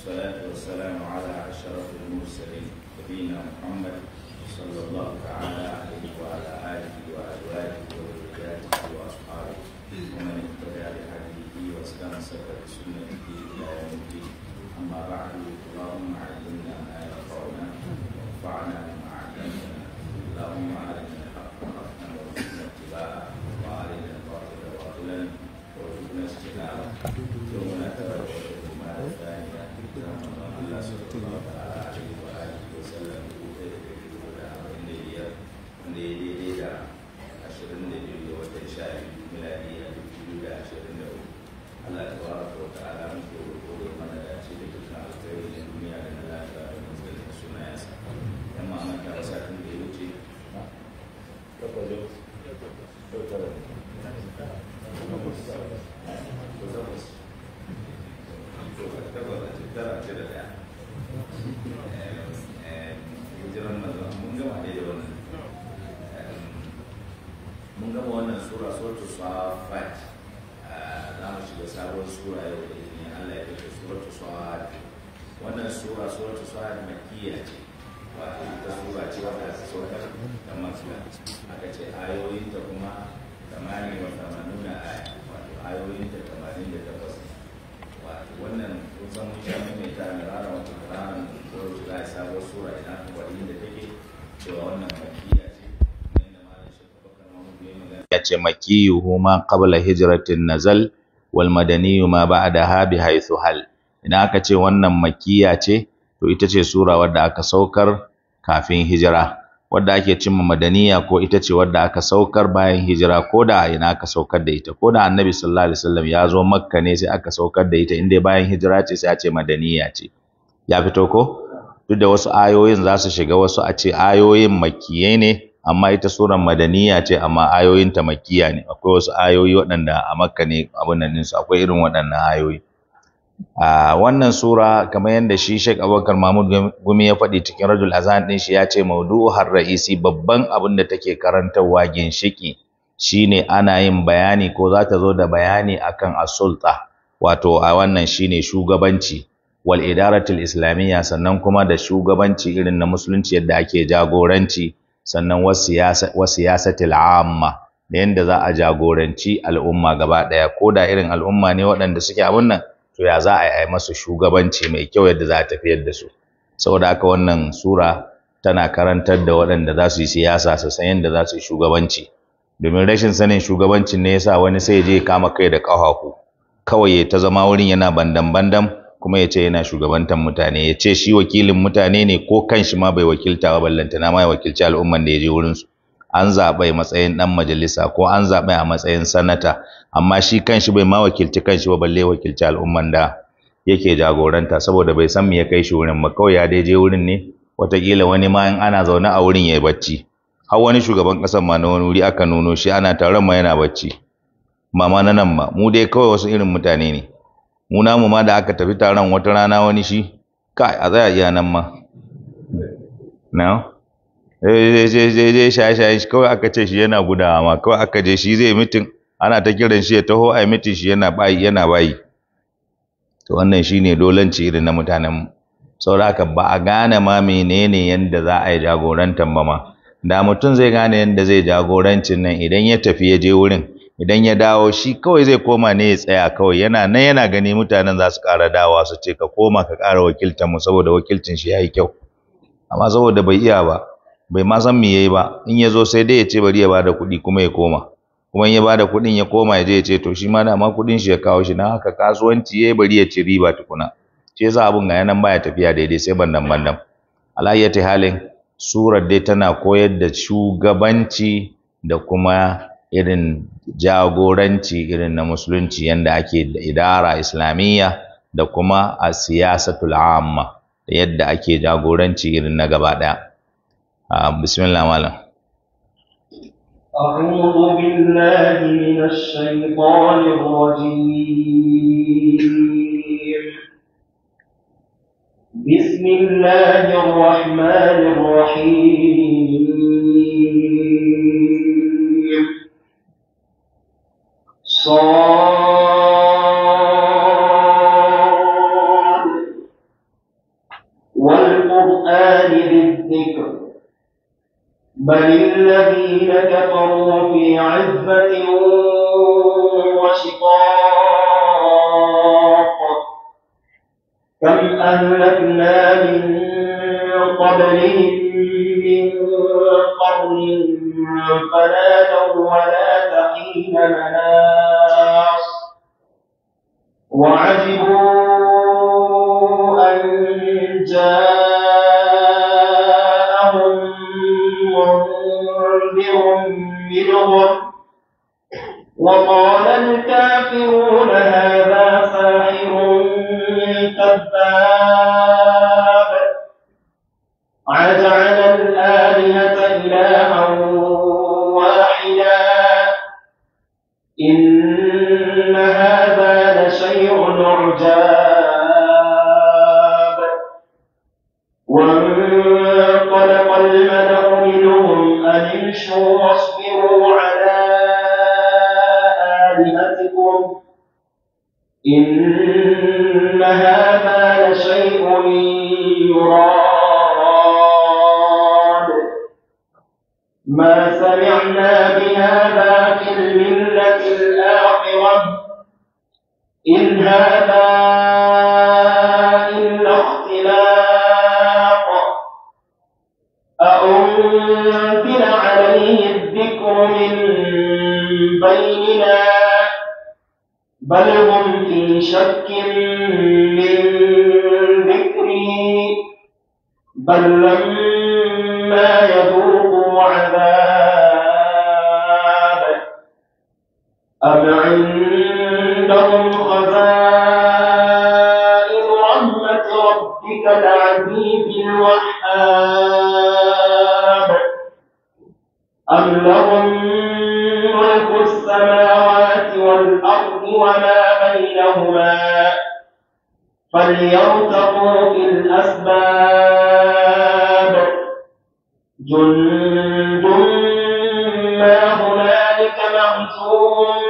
والصلاة والسلام على أشرف المرسلين نبينا محمد صلى الله تعالى عليه وعلى آله وأزواجه وذرياته وأصحابه ومن اتبع بهديه واستمسك بسنته إلى يوم الدين أما بعد اللهم علمنا ما ينفعنا وانفعنا بما علمتنا اللهم علمنا الحق حقا وارزقنا اتباعه وعلمنا الباطل باطلا وارزقنا اجتنابه Yeah. ya ce makiyuhu ma qabla hijratin nazal wal madaniyu ma ba'daha bi haythu hal Ina aka ce wannan makiya ce to ita ce sura wadda aka saukar kafin hijira wadda ake cimma madaniya ko ita ce wadda aka saukar bayan hijira ko da ina aka saukar da ita ko da annabi sallallahu alaihi wasallam ya zo makka ne sai aka saukar da ita inda bayan hijira ce sai a ce madaniya ce ya fito ko duk da wasu ayoyin za su shiga wasu a ce ayoyin makiyai ne amma ita surar madaniya ce amma ayoyin ta makiya ne akwai wasu ayoyi waɗanda a makka ne abin nan ɗinsu akwai irin waɗannan ayoyi a wannan sura kamar yadda shi Sheikh Abubakar Mahmud Gumi ya faɗi cikin Rajul Azan ɗin shi ya ce har ra'isi babban abin da take karantarwa ginshiki shine ana yin bayani ko za ta zo da bayani akan as-sulta wato a wannan shine shugabanci wal idaratul islamiyya sannan kuma da shugabanci irin na musulunci yadda ake jagoranci sannan wasu wasiyasatil amma da yadda za a jagoranci al'umma gaba ɗaya ko da irin al'umma ne waɗanda suke abin nan to ya za a yi masu shugabanci mai kyau yadda za a tafiyar da su saboda haka wannan sura tana karantar da waɗanda za su yi siyasa su san yadda za su yi shugabanci domin rashin sanin shugabancin ne yasa wani sai je kama kai da ƙafafu kawai ta zama wurin yana bandan-bandan kuma ya ce yana shugabantan mutane ya ce shi wakilin mutane ne ko kan shi ma bai wakilta ba na ma ya wakilci al'umman da ya je wurinsu an zaɓe matsayin ɗan majalisa ko an zaɓe a matsayin sanata amma shi kan shi bai ma wakilci kan shi ba balle wakilci al'umman da yake jagoranta saboda bai san me ya kai shi wurin ba kawai ya dai je wurin ne wataƙila wani ma in ana zaune a wurin ya yi bacci har wani shugaban ƙasar ma na wani wuri aka nuno shi ana taron ma yana bacci mama na nan ma mu dai kawai wasu irin mutane ne Muna mu ma da aka tafi taron wata rana wani shi kai a zai iya nan ma na je eh, je shaye shaye kawai aka ce shi yana gudawa ma kawai aka je shi zai mitin ana ta kiran shi ya taho ai mitin shi yana bayi yana bayi to wannan ne dolanci irin na mutanen mu saboda haka ba a gane ma menene yanda za a yi jagorantar ba ma da mutum zai gane yadda zai jagorancin nan idan ya tafi ya je wurin idan ya dawo shi kawai zai koma ne ya tsaya kawai yana nan yana gani mutanen za su ƙara dawa su ce ka koma ka ƙara wakiltar mu saboda wakilcin shi yayi kyau amma saboda bai iya ba bai ma san me yayi ba in ya zo sai dai ya ce bari ya bada kuɗi kuma ya koma kuma in ya bada kuɗin ya koma ya je ya ce to shi ma dama kuɗin shi ya kawo shi na haka kasuwanci yayi bari ya ci riba tukuna shi yasa abun ga yanan baya tafiya daidai sai bandan bandan alayyati halin surar dai tana koyar da shugabanci da kuma irin jagoranci irin na musulunci yadda ake da idara islamiyya da kuma a siyasatul amma yadda ake jagoranci irin na gaba daya bismillah malam بسم الله الرحمن الرحيم إن هذا لشيء يراد ما سمعنا بهذا في الملة الآخرة إن هذا إلا اختلاق أأنزل عليه الذكر من بيننا بل هم شك من ذكري بل لما يذوقوا عذابك أبعد فليرتقوا في الأسباب جند ما هنالك مهزوم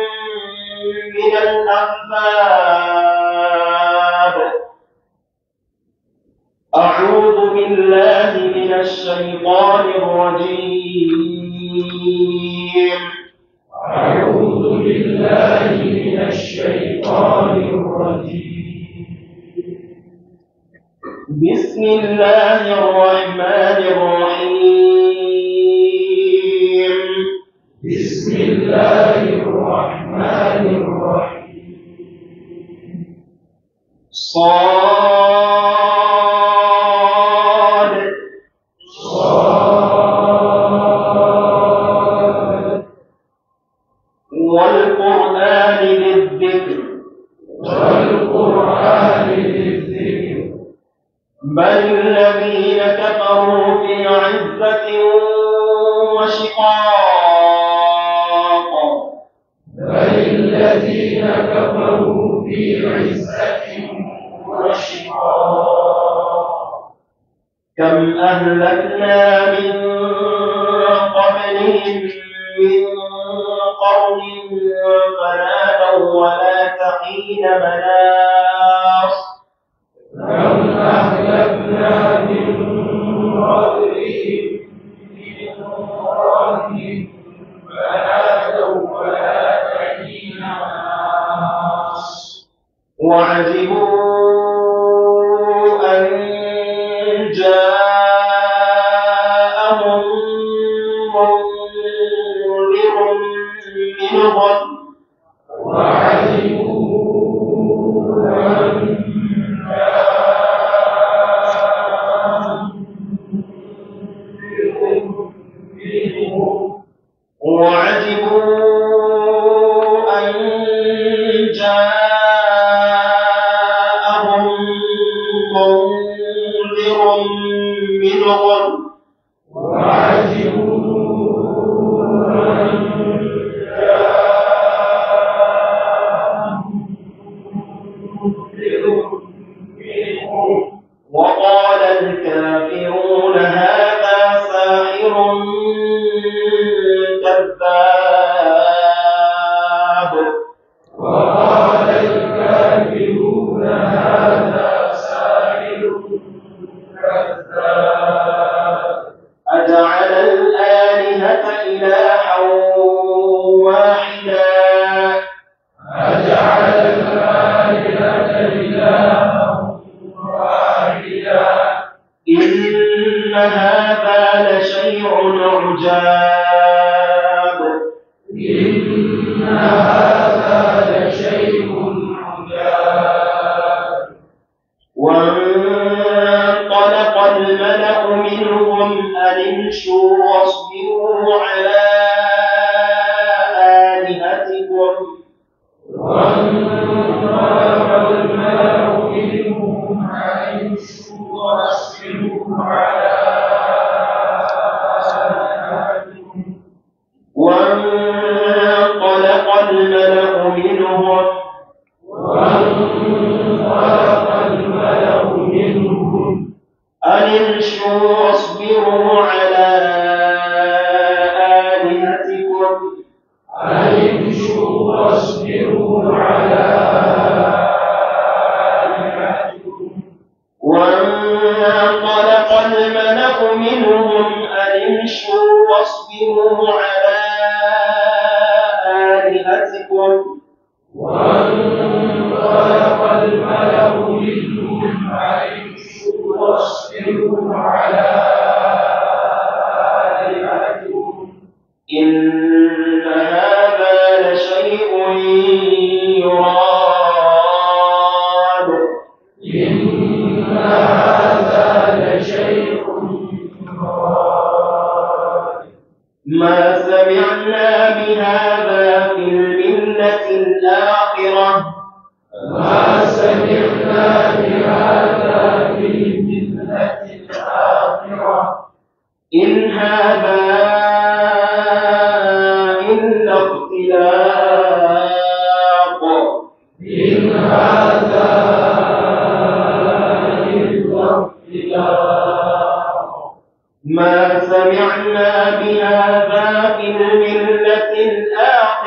من الأحباب أعوذ بالله من الشيطان الرجيم الله الرحيم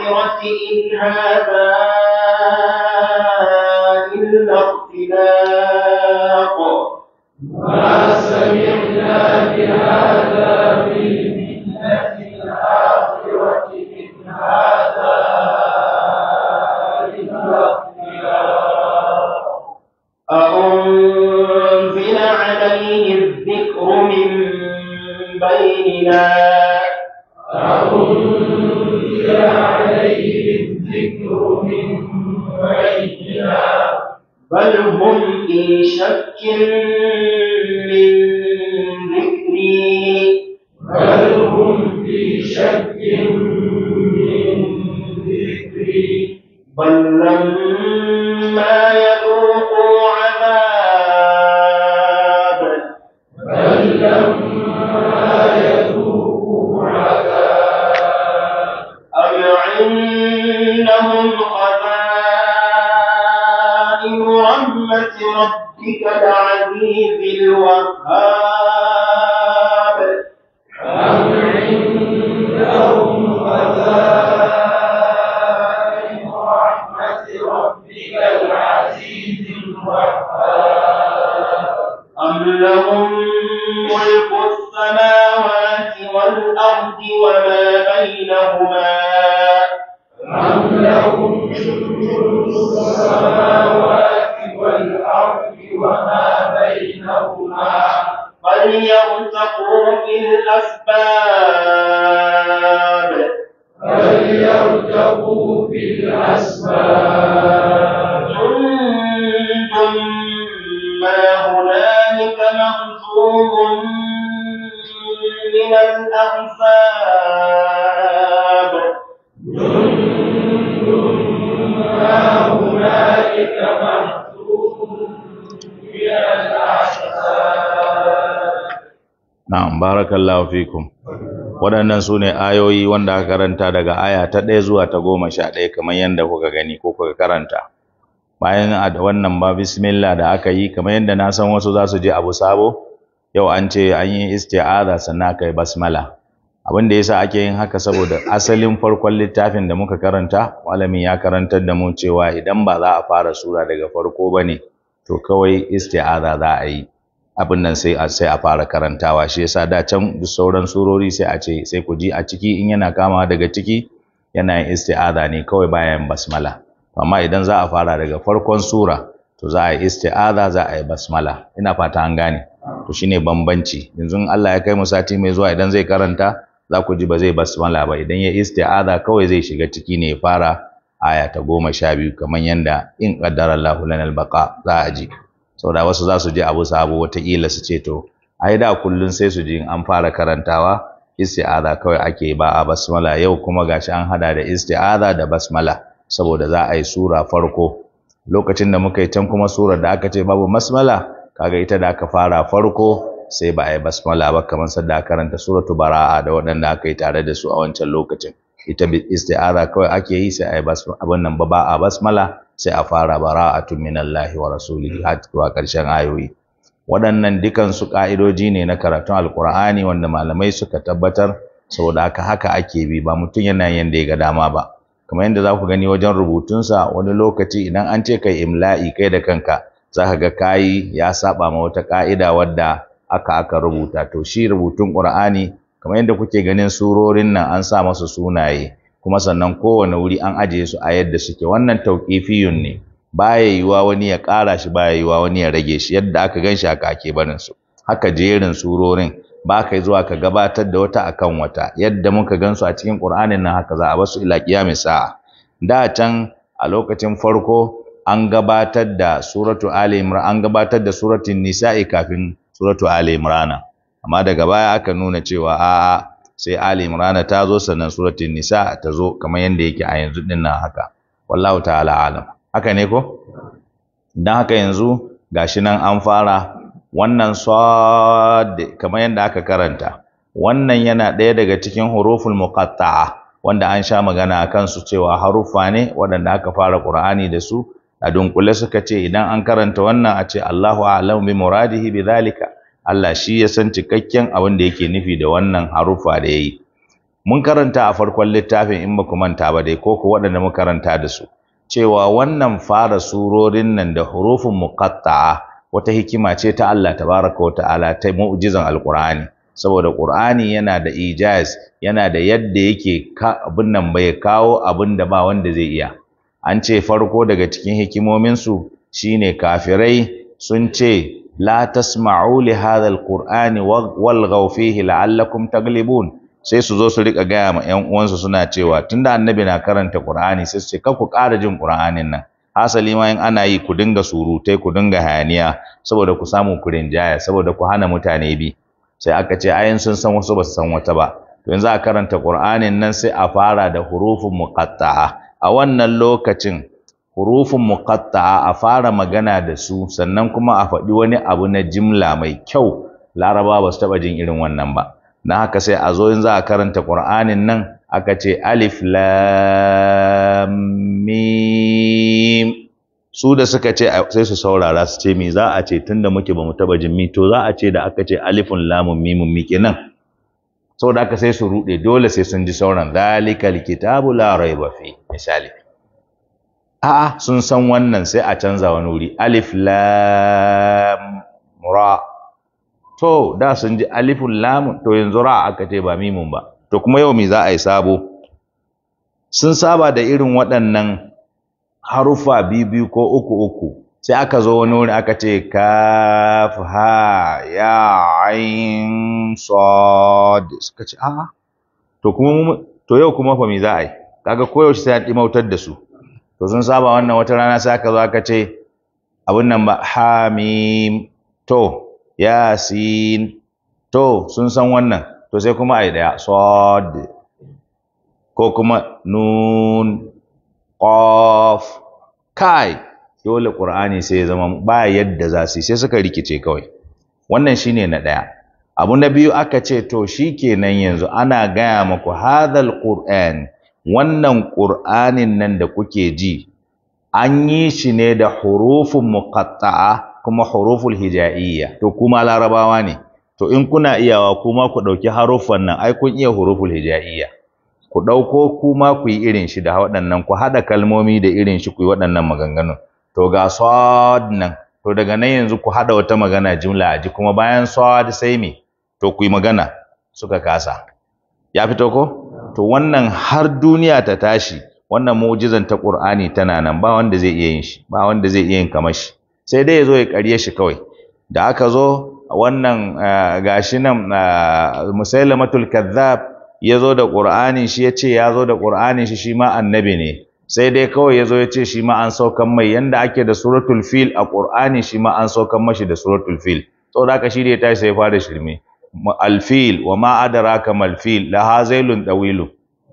الآخرة إن هذا waɗannan su ne ayoyi wanda aka karanta daga aya ta ɗaya zuwa ta goma sha ɗaya kamar yadda kuka gani ko kuka karanta bayan a wannan ba bismillah da aka yi kamar yadda na san wasu za su je abu sabo yau an ce an yi isti'aza sannan aka yi basmala abin da yasa ake yin haka saboda asalin farkon littafin da muka karanta malamin ya karantar da mu cewa idan ba za a fara sura daga farko bane to kawai isti'aza za a yi abin nan sai a sai a fara karantawa shi yasa da can sauran surori sai a ce sai ku ji a ciki in yana kama daga ciki yana yin isti'aza ne kawai bayan basmala amma idan za a fara daga farkon sura to za a yi isti'aza za a yi basmala ina fata an gane to shine bambanci yanzu Allah ya kai mu sati mai zuwa idan zai karanta za ku ji ba zai basmala ba idan ya isti'aza kawai zai shiga ciki ne ya fara aya ta goma sha biyu kamar yanda in qaddara Allahu lana baqa za a ji saboda wasu za su je abu sabo wataƙila su ce to ai da kullun sai su ji an fara karantawa isti'aza kawai ake ba a basmala yau kuma gashi an hada da isti'aza da basmala saboda za a yi sura farko lokacin da muka yi can kuma surar da aka ce babu basmala kaga ita da aka fara farko sai ba a yi basmala ba kamar sadda karanta suratu bara'a da waɗanda aka yi tare da su a wancan lokacin ita isti'aza kawai ake yi sai a yi abin nan ba ba a basmala sai a fara bara'atun minallahi wa rasulihi har zuwa ƙarshen ayoyi waɗannan dukan su ƙa'idoji ne na karatun Alƙur'ani, wanda malamai suka tabbatar saboda haka haka ake bi ba mutum yana yanda ya ga dama ba kamar yadda za ku gani wajen rubutunsa wani lokaci idan an ce kai imla'i kai da kanka za ka ga kayi ya saba ma wata ƙa'ida wadda aka aka rubuta to shi rubutun ƙur'ani, kamar yadda kuke ganin surorin nan an sa masa sunaye kuma sannan kowane wuri an ajiye su a yadda suke wannan tauƙifiyun ne baya yiwa wani ya ƙara shi baya yiwa wani ya rage shi yadda aka gan shi haka ake barin su haka jerin surorin ba ka zuwa ka gabatar da wata akan wata yadda muka gan su a cikin ƙur'anin nan haka za a basu ila qiyamis sa'a da can a lokacin farko an gabatar da suratu Ali Imran an gabatar da suratun Nisa'i kafin suratu Ali Imran amma daga baya aka nuna cewa a'a sai Ali Imran ta zo sannan suratul Nisa ta zo kamar yanda yake a yanzu din nan haka wallahu ta'ala alam haka ne ko dan haka yanzu gashi nan an fara wannan sad kamar yanda aka karanta wannan yana ɗaya daga cikin huruful muqatta'a wanda an sha magana akan su cewa haruffa ne waɗanda aka fara Qur'ani da su a dunkule suka ce idan an karanta wannan a ce Allahu a'lamu bi muradihi bi zalika Allah shi ya san cikakken abin da yake nufi da wannan harufa da yayi mun karanta a farkon littafin in baku manta ba dai ko ko waɗanda muka karanta da su cewa wannan fara surorin nan da hurufin muqatta'a wata hikima ce ta Allah tabaraka wa ta'ala ta mu'jizan alqur'ani saboda qur'ani yana da ijaz yana da yadda yake abin nan bai kawo abin da ba wanda zai iya an ce farko daga cikin hikimomin su shine kafirai sun ce la tasma'u li hadha alqur'ani walghaw fihi la'allakum sai su zo su rika gaya ma ƴan uwansu suna cewa tunda annabi na karanta qur'ani sai su ce kar ku ƙara jin qur'anin nan hasali ma in ana yi ku dinga surutai ku dinga hayaniya saboda ku samu ku rinjaya saboda ku hana mutane bi sai aka ce ayin sun san wasu ba su san wata ba to yanzu a karanta qur'anin nan sai a fara da hurufun muqatta'a a wannan lokacin hurufin mukatta'a a fara magana da su sannan kuma a faɗi wani abu na jimla mai kyau laraba ba su taɓa jin irin wannan ba na haka sai a zo in za a karanta ƙur'anin nan aka ce alif lam su da suka ce sai su saurara su ce mi za a ce tunda muke bamu taɓa jin mi to za a ce da aka ce alifun lamun mimun nan? Sau saboda aka sai su ruɗe dole sai sun ji sauran zalikal kitabu la raiba fi misali a'a sun san wannan sai a canza wani wuri alif lam ra to da sun ji alif lam to yanzu ra aka ce ba mimun ba to kuma yau me za a yi sabo sun saba da irin waɗannan harufa bibi ko uku uku sai aka zo wani wuri aka ce kaf ha ya ain sad suka ce a'a to kuma to yau kuma fa me za a yi kaga koyaushe sai a dimautar da su to sun saba wannan wata rana sai aka zo aka ce abun nan ba hamim to yasin to sun san wannan to sai kuma ai daya sad ko kuma nun qaf kai dole qur'ani sai ya zama ba yadda za su sai suka rikice kawai wannan shine na daya abu na biyu aka ce to shikenan yanzu ana gaya maku hadhal qur'an wannan ƙur'anin nan da kuke ji an yi shi ne da hurufin muqatta'a kuma huruful hija'iyya to kuma larabawa ne to in kuna iyawa kuma ku ɗauki haruffan nan ai kun iya huruful hija'iyya ku ɗauko kuma ku yi irin shi da waɗannan ku haɗa kalmomi da irin shi ku yi waɗannan maganganun to ga sod nan to daga nan yanzu ku haɗa wata magana jimla a ji kuma bayan sad sai me to ku yi magana suka kasa ya fito ko to wannan har duniya ta tashi wannan mu'jizan ta Qur'ani tana nan ba wanda zai iya yin shi ba wanda zai iya yin kamar shi sai dai yazo ya karye shi kawai da aka zo wannan eh, gashi nan eh, musailamatul kadhab ya da Qur'ani shi yace yazo da Qur'ani shi shi ma annabi ne sai dai kawai yazo yace ya ce shi ma an saukan mai yanda ake da suratul fil a Qur'ani shi ma an saukan mashi da suratul fil saboda haka shi dai ya tashi sai ya fara shirme alfil wa ma adraka malfil la hazailun dawilu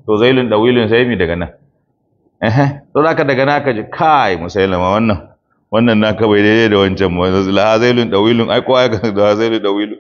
to zailun dawilun sai mi daga nan eh to zaka daga nan ka ji kai musailama wannan wannan naka bai daidai da wancan ba la hazailun dawilun ai ko ai ka da zailun Dawilu.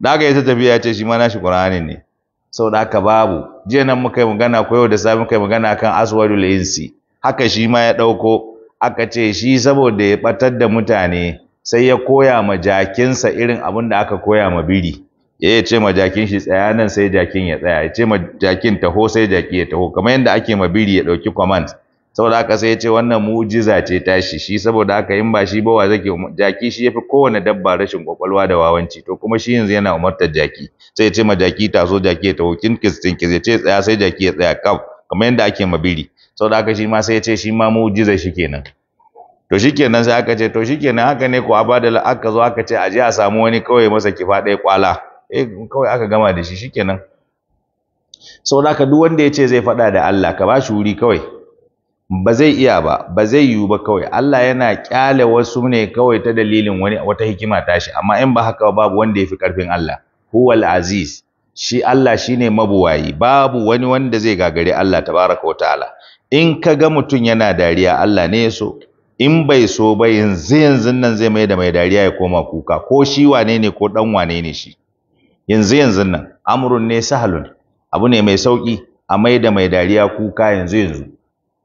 da aka yi tafiya ce shi ma na shi qur'ani ne saboda haka babu jiya nan muka yi magana ko yau da safe muka yi magana kan aswadul insi haka shi ma ya dauko aka ce shi saboda ya batar da mutane sai ya koya ma jakinsa irin abin da aka koya ma biri ya ce ma jakin shi tsaya nan sai jakin ya tsaya ya ce ma jakin taho sai jaki ya taho kamar yadda ake ma biri ya ɗauki command saboda haka sai ya ce wannan mu'jiza ce tashi shi saboda haka in ba shi bawa wa zake jaki shi yafi kowane dabba rashin kwakwalwa da wawanci to kuma shi yanzu yana umartar jaki sai ya ce ma jaki taso jaki ya taho kinkis kinkis ya ce tsaya sai jaki ya tsaya kaf kamar yadda ake ma biri saboda haka shi ma sai ya ce shi ma mu'jiza shi kenan to shikenan sai aka ce to shikenan haka ne ko abadala aka zo aka ce a je a samu wani kawai masa kifa ɗaya kwala E, kawai aka gama da shi shikenan da haka duk wanda ya ce zai faɗa da Allah ka bashi wuri kawai ba zai iya ba ba zai yiwu ba kawai Allah yana kyale wasu ne kawai ta dalilin wani wata hikima ta shi amma in ba haka babu wanda ya fi karfin Allah huwal aziz shi Allah shine mabuwayi babu wani wanda zai gagare Allah ta baraka wata ala. in ka ga mutum yana dariya Allah ne ya so in bai so ba yanzu yanzu nan zai mai da mai dariya ya koma kuka ko shi wane ne ko dan wane ne shi yanzu yanzun nan Amurun ne sahalun abu ne mai sauki a mai da mai dariya kuka yanzu yanzu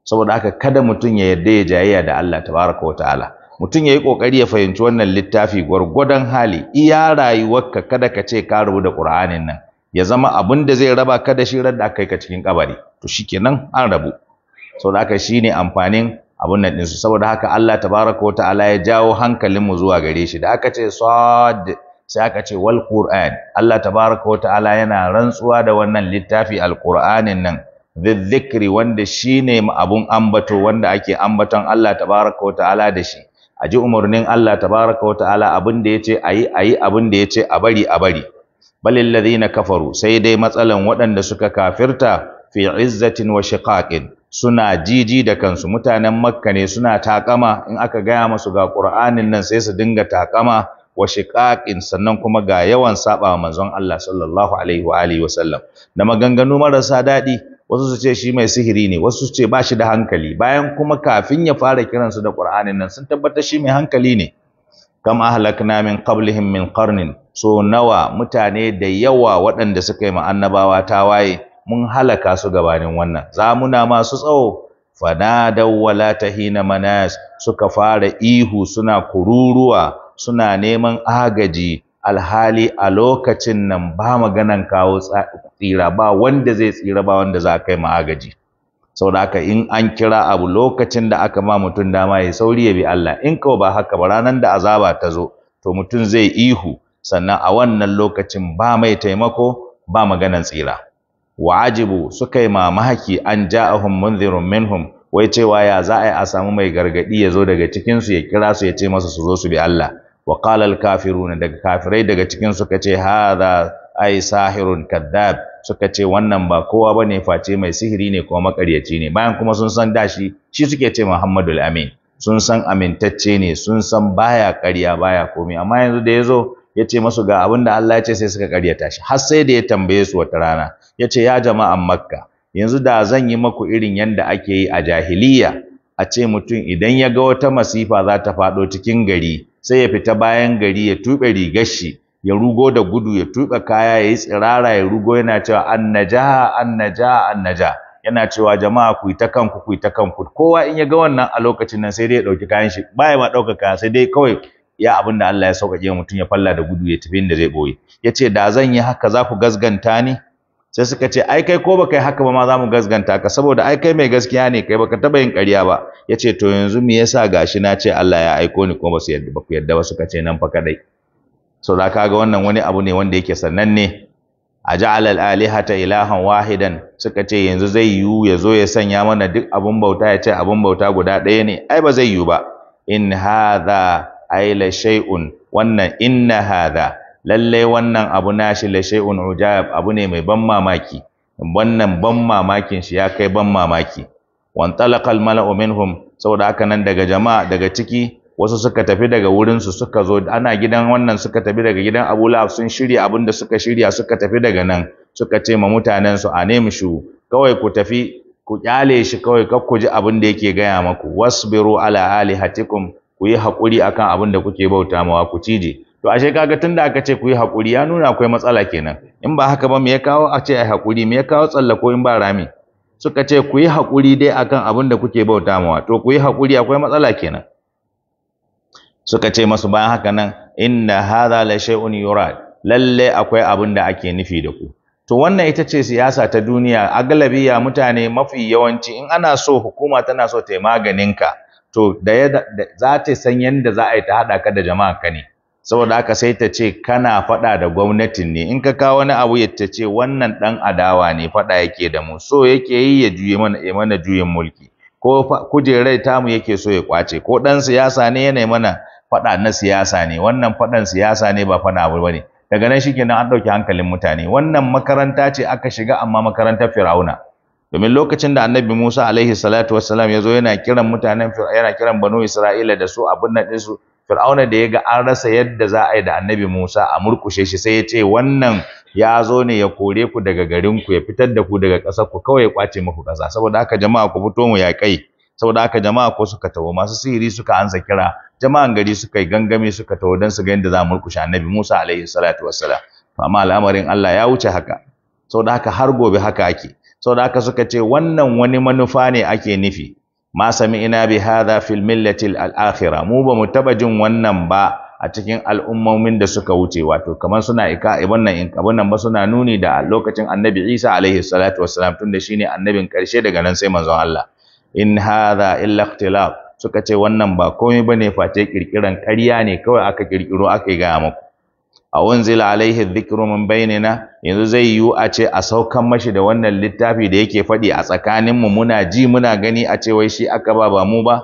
saboda haka kada mutum ya yarda ya jayayya da Allah tabaraka wa ta'ala mutum ya yi ƙoƙari ya fahimci wannan littafi gwargwadon hali iya ka kada ka ce ka rubu da ƙur'anin nan ya zama abin da zai raba ka da shi da aka yi ka cikin kabari to shikenan an rabu saboda haka shine amfanin abun nan ɗinsu saboda haka Allah tabaraka wa ta'ala ya jawo hankalinmu zuwa gare shi da aka ce sad sai aka ce wal qur'an Allah tabaraka wa ta'ala yana rantsuwa da wannan littafi alqur'anin nan dhikri wanda shine abun ambato wanda ake ambaton Allah tabaraka wa ta'ala da shi a ji umarnin Allah tabaraka wa ta'ala abin da yace ayi ayi abin da yace a bari a bari balil ladina kafaru sai dai matsalan waɗanda suka kafirta fi izzatin wa shiqaqin suna jiji da kansu mutanen makka ne suna takama in aka gaya musu ga qur'anin nan sai su dinga takama wa ƙaƙin, sannan kuma ga yawan saba wa manzon Allah sallallahu alaihi wa alihi wasallam da maganganu marasa daɗi? wasu su ce shi mai sihiri ne wasu su ce ba shi da hankali bayan kuma kafin ya fara kiransu da Qur'anin nan sun tabbatar shi mai hankali ne kam ahlakna min qablihim min qarnin so nawa mutane da yawa waɗanda suka yi ta waye? mun halaka su gabanin wannan zamuna masu tsawo fanadaw wala tahina manas suka fara ihu suna kururuwa suna neman agaji alhali a lokacin nan ba maganan kawo tsira ba wanda zai tsira ba wanda za kai ma agaji da aka in an kira abu lokacin da aka ma mutum dama ya sauri ya bi Allah in kawo ba haka ba ranar da azaba ta zo to mutum zai ihu sannan a wannan lokacin ba mai taimako ba maganan tsira wa'ajibu suka yi mamaki an ja'ahum munzirun minhum wai cewa ya za a yi a samu mai gargadi ya zo daga cikinsu ya kira su ya ce masa su zo su bi Allah wa qala al kafiruna daga kafirai daga cikin suka ce hadha ai sahirun kadhab suka ce wannan ba kowa bane face mai sihiri ne kuma makaryaci ne bayan kuma sun san dashi shi suke ce Muhammadul Amin sun san amintacce ne sun san baya ƙarya baya komai amma yanzu da yazo yace ce masu ga abin da Allah ya ce sai suka ƙaryata shi har sai da ya tambaye su wata rana yace ya jama'an makka yanzu da zan yi maku irin yanda ake yi a jahiliya a ce mutum idan ya ga wata masifa za ta faɗo cikin gari sai ya fita bayan gari ya tuɓe rigar shi ya rugo da gudu ya tuɓe kaya ya yi tsirara ya rugo yana cewa annaja annaja annaja yana cewa jama'a ku yi ta kanku ku yi ta kanku kowa in ya ga wannan a lokacin nan sai dai ya ɗauki kayan shi baya ma ɗauka kaya sai dai kawai ya abin da Allah ya sauƙaƙe mutum ya falla da gudu ya tafi inda zai ɓoye ya ce da zan yi haka za ku gasganta ni sai suka ce ai kai ko baka yi haka ba ma za mu gasganta ka saboda ai kai mai gaskiya ne kai baka taba yin ƙarya ba ya ce to yanzu me yasa gashi na ce Allah ya aiko ni kuma basu yadda baku yadda ba suka ce nan fa kadai so za ka wannan wani abu ne wanda yake sannan ne. a ja'ala al-alihata ilahan wahidan suka ce yanzu zai yiwu ya zo ya sanya mana duk abun bauta ya ce abun bauta guda ɗaya ne ai ba zai yiwu ba in hadha ai la shay'un wannan inna hadha Lallai wannan abu nashi la shay'un ujab abu ne mai ban mamaki wannan ban mamakin shi ya kai ban mamaki wan talaqal mala'u minhum saboda haka nan daga jama'a daga ciki wasu suka tafi daga wurin su suka zo ana gidan wannan suka tafi daga gidan Abu Lahab sun shirya abin suka shirya suka tafi daga nan suka ce ma mutanen su a nemi shi. kawai ku tafi ku kyale shi kawai kar ku ji abin da yake gaya maku wasbiru ala alihatikum ku yi haƙuri akan abin da kuke bauta mawa ku cije to ashe kaga tunda aka ce ku yi hakuri ya nuna akwai matsala kenan in ba haka ba me ya kawo a ce ai hakuri me ya kawo ko in ba rami suka ce ku yi hakuri dai akan abin da kuke bauta mawa to ku yi hakuri akwai matsala kenan suka ce masu bayan haka nan inna hadha la shay'un yurad lalle akwai abin da ake nufi da ku to wannan ita ce siyasa ta duniya a galabiya mutane mafi yawanci in ana so hukuma tana so ta yi maganinka to da za ta san yadda za a yi ta haɗa ka da jama'a ka ne saboda aka sai ta ce kana faɗa da gwamnatin ne in ka kawo wani abu ya ta ce wannan ɗan adawa ne faɗa yake da mu so yake yi ya juye mana ya mana juyin mulki ko kujerai mu yake so ya kwace ko ɗan siyasa ne yana mana faɗa na siyasa ne wannan faɗan siyasa ne ba faɗa abu bane daga nan shikenan an ɗauki hankalin mutane wannan makaranta ce aka shiga amma makarantar Firauna domin lokacin da annabi Musa alaihi salatu wassalam ya zo yana kiran mutanen yana kiran banu Isra'ila da su abin nan ɗinsu fir'auna da ya ga an rasa yadda za a yi da annabi musa a murkushe shi sai ya ce wannan ya zo ne ya kore ku daga garin ku ya fitar da ku daga ƙasar ku kawai ya kwace muku ƙasa saboda haka jama'a ku fito mu kai, saboda haka jama'a ko suka tawo masu sihiri suka ansa kira jama'an gari suka yi gangami suka tawo dan su ga yadda za a murkushe annabi musa alaihi salatu wassalam amma al'amarin allah ya wuce haka saboda haka har gobe haka ake saboda haka suka ce wannan wani manufa ne ake nufi ma sami'na bi hadha fil millati al akhirah mu ba mu taba jin wannan ba a cikin al'ummomin da suka wuce wato kamar suna ika nan in abun nan ba suna nuni da lokacin annabi Isa alaihi salatu wassalam tunda shine annabin karshe daga nan sai manzon Allah in hadha illa ikhtilaf suka ce wannan ba komai bane face kirkiran Karya ne kawai aka kirkiro aka yi gaya muku a unzila alaihi dhikru min na. yanzu zai yiwu a ce a saukan mashi da wannan littafi da yake faɗi a tsakanin mu muna ji muna gani a ce wai shi aka ba ba mu ba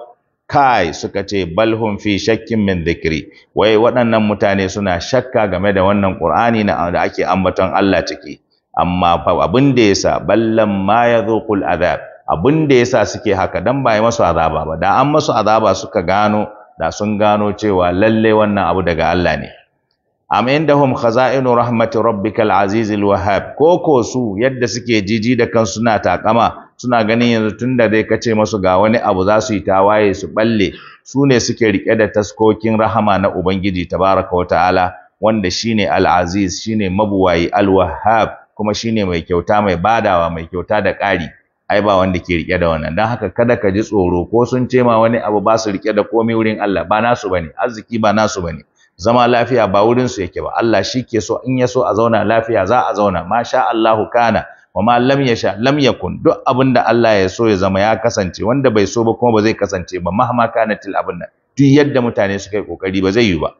kai suka ce balhum fi shakkin min dhikri wai waɗannan mutane suna shakka game da wannan qur'ani na da ake ambaton Allah ciki amma abin da yasa ballan ma yadhuqul adhab abin da yasa suke haka dan ba masu azaba ba da an masu azaba suka gano da sun gano cewa lalle wannan abu daga Allah ne am indahum khaza'inu rahmati rabbikal azizil wahhab ko ko su yadda suke jiji da kan suna takama suna ganin yanzu tunda dai kace masu ga wani abu za su yi tawaye su balle su ne suke rike da taskokin rahama na ubangiji tabaraka wa ta'ala wanda shine al-aziz shine mabuwayi al-wahhab kuma shine mai kyauta mai badawa mai kyauta da kari ai ba wanda ke rike da wannan dan haka kada ka ji tsoro ko sun ce ma wani abu ba su rike da komai wurin Allah ba nasu bane arziki ba nasu bane zama lafiya ba wurin su yake ba Allah shi ke so in ya so a zauna lafiya za a zauna masha Allahu kana wa ma lam yasha lam yakun duk abin da Allah ya so ya zama ya kasance wanda bai so ba kuma ba zai kasance ba mahma til abin nan duk yadda mutane suka yi kokari ba zai yi ba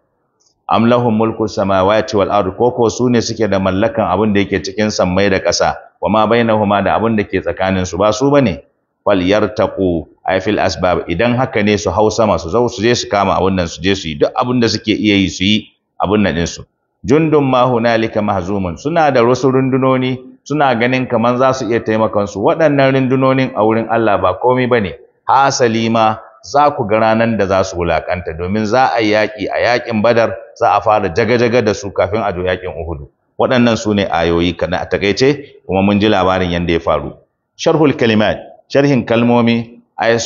am lahum mulku samawati wal ko koko su ne suke da mallakan abin da yake cikin sammai da ƙasa wa ma bainahuma da abin da ke tsakanin su ba su bane falyartaqu ay fil asbab idan haka ne su hau sama su zo su je su kama abun nan su je su yi duk abun da suke iya yi su yi abun nan su jundun ma hunalika mahzumun suna da wasu rundunoni suna ganin kaman za su iya taimakon su waɗannan rundunonin a wurin Allah ba komai bane hasali ma za ku ga ranar da za su wulakanta domin za a yaki a yakin badar za a fara jaga-jaga da su kafin a zo yakin uhudu waɗannan su ne ayoyi kana a takaice kuma mun ji labarin yadda ya faru sharhul kalimat sharhin kalmomi ay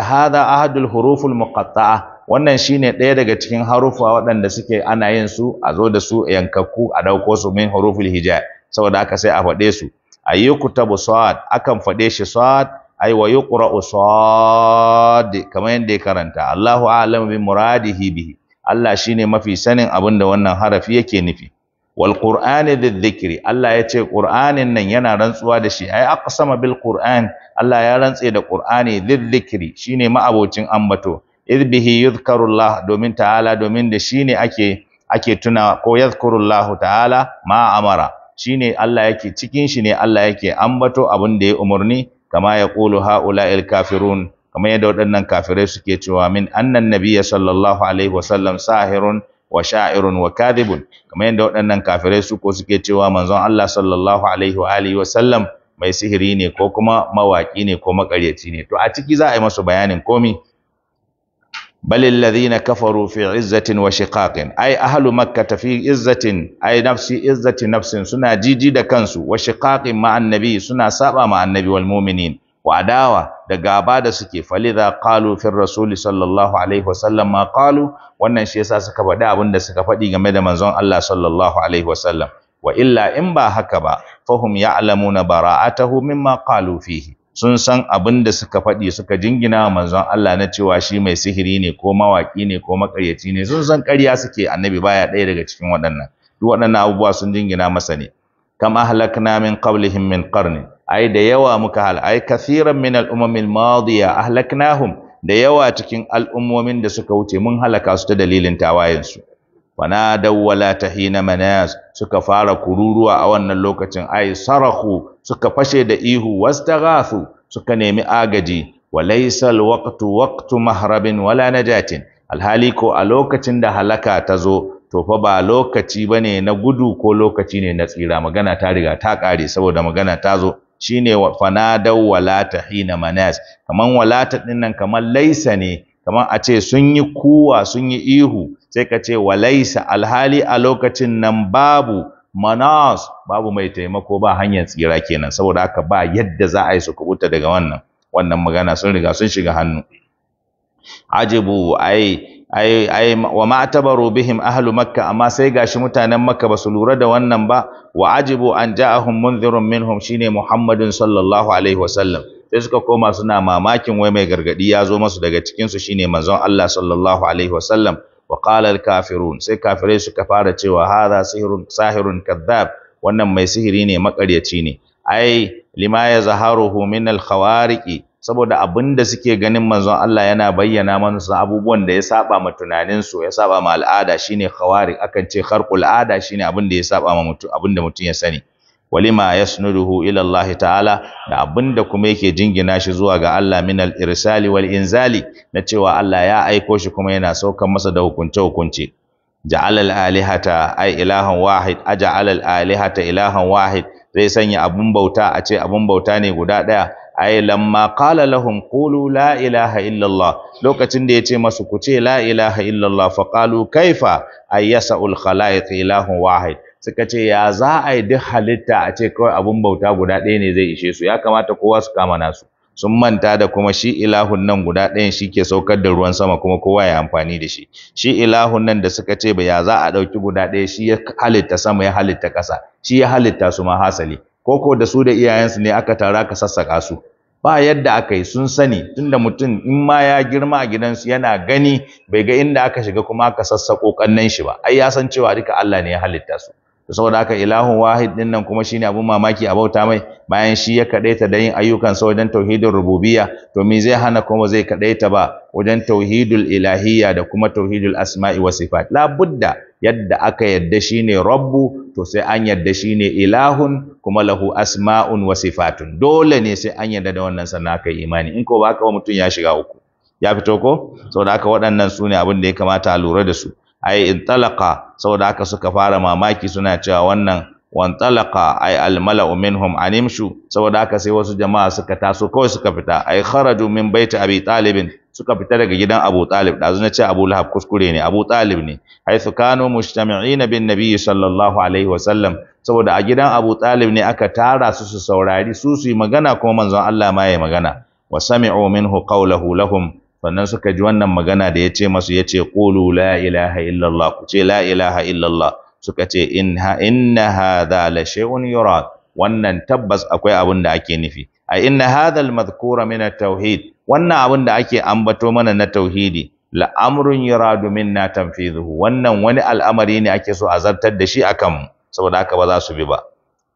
hada ahadul huruful muqatta'a wannan shine ɗaya daga cikin harufa waɗanda suke ana yin su a zo da su yankakku a ɗauko su min huruful hija saboda aka sai a faɗe su ayyukutabu sad akan faɗe shi sa'ad, ay wa kamar yadda ya karanta Allahu a'lamu bi muradihi bihi Allah shine mafi sanin abin da wannan harafi yake nufi Walƙur'ani qur'ani dhikri Allah ya ce ƙur'anin nan yana rantsuwa da shi ai aqsama bil qur'an Allah ya rantse da qur'ani dhikri shine ma'abocin ambato idh bihi yuzkarullah domin ta'ala domin da shine ake ake tuna ko yadhkurullahu ta'ala ma amara shine Allah yake cikin shi ne Allah yake ambato abin da ya umarni kama yaqulu haula'il kafirun Kama yadda waɗannan kafirai suke cewa min annan nabiyya sallallahu alaihi wasallam sahirun wa sha'irun wa kadhibun kamar yadda waɗannan kafirai su ko suke cewa manzon Allah sallallahu alaihi wa alihi wa sallam mai sihiri ne ko kuma mawaki ne ko makaryaci ne to a ciki za a yi masa bayanin komi bal na kafaru fi izzatin wa shiqaqin ai ahlu makkah fi izzatin ai nafsi izzati nafsin suna jiji da kansu wa shiqaqin ma annabi suna saba ma annabi wal mu'minin wadawa da gaba da suke falida qalu fi rasuli sallallahu alaihi wasallam ma kalu, wannan shi yasa suka faɗi abin da suka faɗi game da manzon Allah sallallahu alaihi wasallam wa illa in ba haka ba fahum ya'lamuna bara'atahu mimma qalu fihi sun san abin da suka faɗi suka jingina manzon Allah na cewa shi mai sihiri ne ko mawaki ne ko makaryaci ne sun san ƙarya suke annabi baya ɗaya daga cikin waɗannan duk waɗannan abubuwa sun jingina masa ne kam ahlakna min qablihim min qarni ai da yawa muka hal ai kasiran min al'umamil madiya ahlaknahum da yawa cikin al'ummomin da suka wuce mun halaka su ta dalilin tawayensu wana ta tahina manas suka fara kururuwa a wannan lokacin ai sarahu suka fashe da ihu wastaghathu suka nemi agaji walaysa alwaqtu waqtu mahrabin wala najatin alhali ko a lokacin da halaka ta zo to fa ba lokaci bane na gudu ko lokaci ne na tsira magana ta riga ta kare saboda magana ta zo shine fanadaw walata hina manas kaman walata din nan kaman laisa ne kaman a ce sun yi kuwa sun yi ihu sai ka ce walaisa alhali a lokacin nan babu manas babu mai taimako ba hanyar tsira kenan saboda haka ba yadda za a yi su kubuta daga wannan wannan magana sun riga sun shiga hannu ajibu ai ai wa ma atabaru bihim ahlu makka amma sai gashi mutanen makka basu lura da wannan ba wa ajibu an ja'ahum munzirun minhum shine muhammadun sallallahu alaihi wasallam sai suka koma suna mamakin wai mai gargadi ya zo masu daga cikin su shine manzon Allah sallallahu alaihi wasallam wa qala al kafirun sai kafirai suka fara cewa hadha sihrun sahirun kadhab wannan mai sihiri ne makaryaci ne ai lima ya min al khawariqi saboda abin da suke ganin manzon Allah yana bayyana musu abubuwan da ya saba ma tunaninsu. ya saba ma al'ada shine khawari akan ce kharqul ada shine abin da ya saba ma mutum abin da mutum ya sani walima yasnuduhu ila Allah ta'ala da abin da kuma yake jingina shi zuwa ga Allah min al-irsali wal inzali na cewa Allah ya aiko shi kuma yana sauka masa da hukunce hukunce ja'ala al-alihata ay ilahan wahid aja'ala al-alihata ilahan wahid zai sanya abun bauta a ce abun bauta ne guda daya ay lamma qala lahum qulu la ilaha illallah lokacin da yace masu ku ce la ilaha illallah fa qalu kaifa Ul khalaiq ilahu wahid suka ce ya za a yi duk halitta a ce kawai abun bauta guda ɗaya ne zai ishe su ya kamata kowa su kama nasu sun manta da kuma shi ilahun nan guda ɗayan shi ke saukar da ruwan sama kuma kowa ya amfani da shi shi ilahun nan da suka ce ba ya za a ɗauki guda ɗaya shi ya halitta sama ya halitta ƙasa shi ya halitta su ma hasali Koko da su da iyayensu ne aka tara ka sassaka su ba yadda aka yi sun sani tunda mutum in ma ya girma a gidansu yana gani bai ga inda aka shiga kuma aka sassako kannan shi ba ai ya san cewa duka Allah ne ya halitta su to saboda haka ilahun wahid din nan kuma shine abun mamaki a bauta mai bayan shi ya kadaita da yin ayyukan sa wajen tauhidin rububiyya to me zai hana kuma zai kadaita ba wajen tauhidul ilahiyya da kuma tauhidul asma'i wa sifat la budda yadda aka yadda shine rabbu to sai an yadda shine ilahun kuma lahu asma'un wa sifatun dole ne sai an yadda da wannan sannan aka imani in ko ba haka mutum ya shiga uku ya fito ko saboda haka waɗannan su ne abin da ya kamata a lura da su ai intalaqa saboda haka suka fara mamaki suna cewa wannan wantalaqa ai almala'u minhum animshu saboda haka sai wasu jama'a suka taso kawai suka fita ai kharaju min baiti abi talibin suka fita daga gidan Abu Talib dazu na ce Abu Lahab kuskure ne Abu Talib ne haythu kanu mujtami'ina bin nabiyyi sallallahu alaihi wasallam saboda a gidan Abu Talib ne aka tara su su saurari su su yi magana kuma manzon Allah ma ya magana wa sami'u minhu qawlahu lahum sannan suka ji wannan magana da ya ce masu ya ce ƙulu la ilaha illallah ku ce la ilaha illallah suka ce inna hadha la shay'un yurad wannan tabbas akwai abin da ake nufi a inna hadha al-madhkura min at-tauhid wannan abin da ake ambato mana na tauhidi la amrun yuradu minna tanfidhuhu wannan wani al'amari ne ake so a zartar da shi akan mu saboda haka ba za su bi ba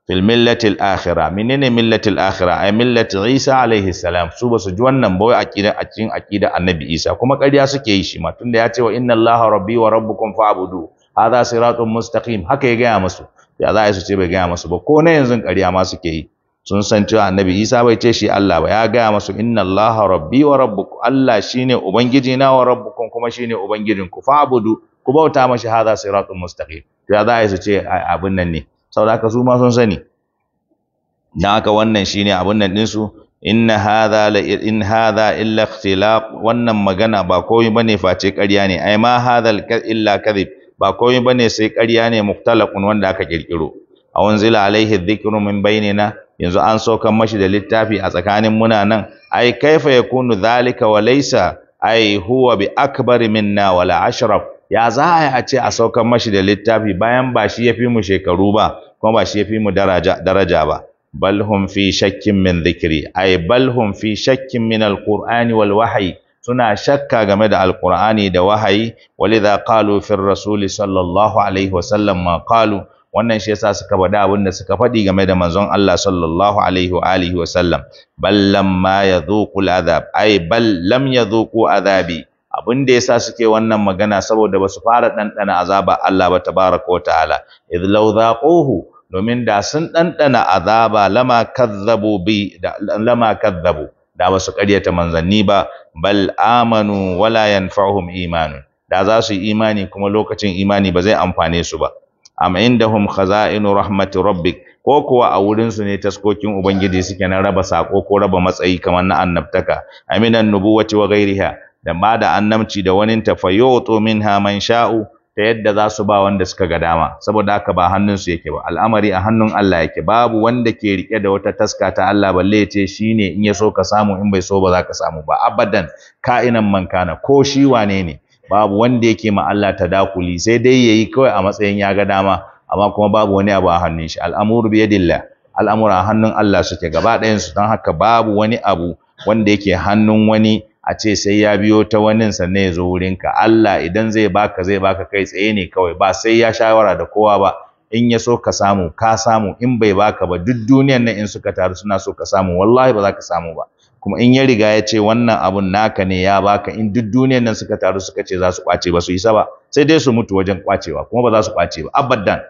fil millatil akhirah menene millatil akhirah ay millati Isa alaihi salam su basu ji wannan ba wai aqida a cikin aqida annabi Isa kuma ƙarya suke yi shi ma tunda ya ce wa inna Allaha rabbi wa rabbukum fa'budu hadha siratun mustaqim haka ya gaya musu ya za a su ce bai gaya musu ba ko na yanzu ƙarya ma suke yi sun san cewa annabi Isa bai ce shi Allah ba ya gaya musu inna Allaha rabbi wa rabbukum Allah shine ubangiji na wa rabbukum kuma shine ubangijinku fa'budu ku bauta mashi hadha siratun mustaqim ya za a su ce abin nan ne saboda su ma sun sani dan haka wannan shine abun nan din su inna hadha la in hadha illa ikhtilaq wannan magana ba komai bane face ƙarya ne ai ma hadha illa kadhib ba komai bane sai ƙarya ne muftalaqun wanda aka kirkiro a wanzila alaihi dhikru min bainina yanzu an sauka mashi da littafi a tsakanin muna nan ai kaifa yakunu dhalika wa laysa ai huwa bi akbar minna wala ashraf ya za a ce a saukan mashi da littafi bayan ba shi fi mu shekaru ba kuma ba shi fi mu daraja daraja ba bal hum fi shakkin min dhikri ay bal hum fi shakkin min alqur'ani wal wahyi suna shakka game da alqur'ani da wahayi walidha qalu fi rasul sallallahu alaihi wasallam ma qalu wannan shi yasa suka faɗi abin da suka faɗi game da manzon Allah sallallahu alaihi wa alihi wa sallam bal lam ma yadhuqu al'adab ay bal lam yadhuqu adhabi abin da yasa suke wannan magana saboda basu fara dandana azaba Allah ba tabaraka wa ta'ala idh law dhaquhu domin da sun ɗanɗana azaba lama kazzabu bi da lama kazzabu da ba su ƙaryata manzanni ba bal amanu wala yanfa'uhum imanu' da za su yi imani kuma lokacin imani ba zai amfane su ba amma indahum khaza'inu rahmati rabbik ko kuwa a wurin su ne taskokin ubangiji suke na raba sako ko raba matsayi kamar na annabtaka aminan nubuwati wa ghairiha da ma da annamci da wani tafayyoto minha man sha'u ta yadda za su ba wanda suka ga dama saboda haka ba hannunsu yake ba al'amari a hannun Allah yake babu wanda ke rike da wata taska ta Allah balle ya ce shine in ya so ka samu in bai so ba za ka samu ba abadan ka'inan man kana ko shi wane ne babu wanda yake ma Allah ta dakuli, sai dai yayi kawai a matsayin ya ga dama amma kuma babu wani abu a hannun shi al'amuru bi yadillah al'amura a hannun Allah suke gaba ɗayan su don haka babu wani abu wanda yake hannun wani a ce sai ya biyo ta wani sannan ya zo wurinka Allah idan zai baka zai baka kai tsaye ne kawai ba sai ya shawara da kowa ba in ya so ka samu ka samu in bai baka ba duk duniyan nan in suka taru suna so ka samu wallahi ba za ka samu ba kuma in ya riga ya ce wannan abun naka ne ya baka in duk duniyan nan suka taru suka ce za su kwace ba su isa ba sai dai su mutu wajen kwacewa kuma ba za su kwace ba abadan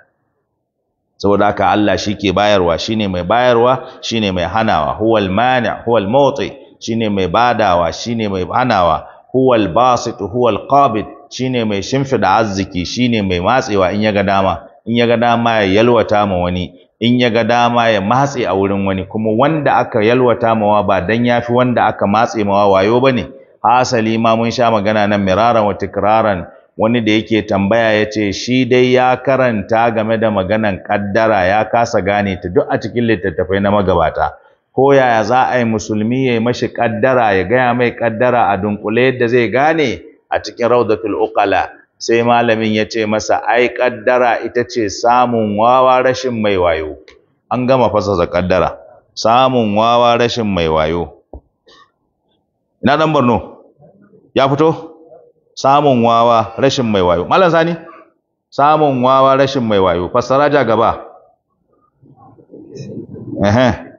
saboda haka Allah shi ke bayarwa shine mai bayarwa shine mai hanawa huwal mani huwal mawti shine mai badawa shine mai hanawa huwal basit huwal qabid shine mai shimfida arziki shine mai matsewa in yaga ga dama in ya dama ya yalwata ma wani in yaga dama ya matse a wurin wani kuma wanda aka yalwata ma wa ba dan yafi wanda aka matse mawa wayo bane hasali ma mun sha magana nan miraran wa tikraran wani da yake tambaya ya ce shi dai ya karanta game da maganan kaddara ya kasa gane ta duk a cikin littattafai na magabata ko yaya za a yi musulmi ya yi mashi kaddara ya gaya mai kaddara a dunkule yadda zai gane a cikin raudatul uqala sai malamin ya ce masa ai kaddara ita ce samun wawa rashin mai wayo an gama fasasa kaddara samun wawa rashin mai wayo ina dan Borno ya fito samun wawa rashin mai wayo malam sani samun wawa rashin mai wayo fassara ja gaba ehe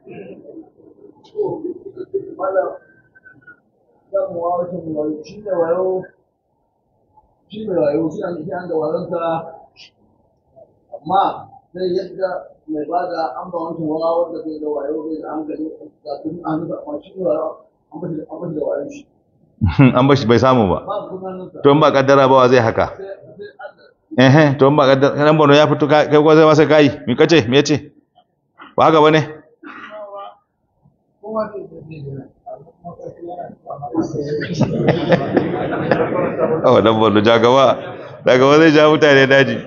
damuwa wata wayo shi wayo shi wayo shi an da wayonsa amma sai yadda mai bada an wancan da wayo da hankali da amma shi wayo an bashi da shi an bashi bai samu ba to in ba kaddara ba zai haka eh to in ba kaddara kan bono ya fito kai ko zai masa kai mi kace me yace ba haka bane a wadan borno jagawa jagawa zai ja mutane daji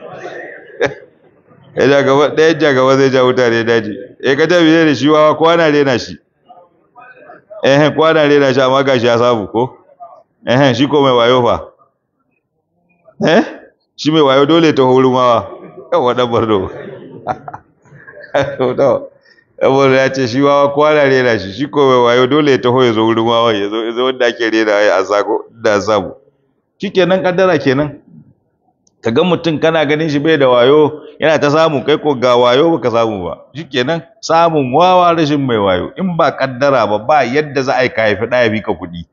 eh, ɗayan jagawa zai ja mutane daji ya kaja biye da shi wawa kwana rena shi ehen kwana rena shi amma gashi ya sabu ko ehen shi ko mai wayo fa eh shi mai wayo dole ta horumawa yawa wadan borno saboda ya ce shi wawa kowa na rera shi shi ko wayo dole ya taho ya zo wurin wawan ya zo ya wanda ake rera ya a sako da samu shikenan kaddara kenan ka ga mutum kana ganin shi bai da wayo yana ta samu kai ko ga wayo baka samu ba shikenan samun wawa rashin mai wayo in ba kaddara ba ba yadda za a yi ka haifi ɗaya fi ka kuɗi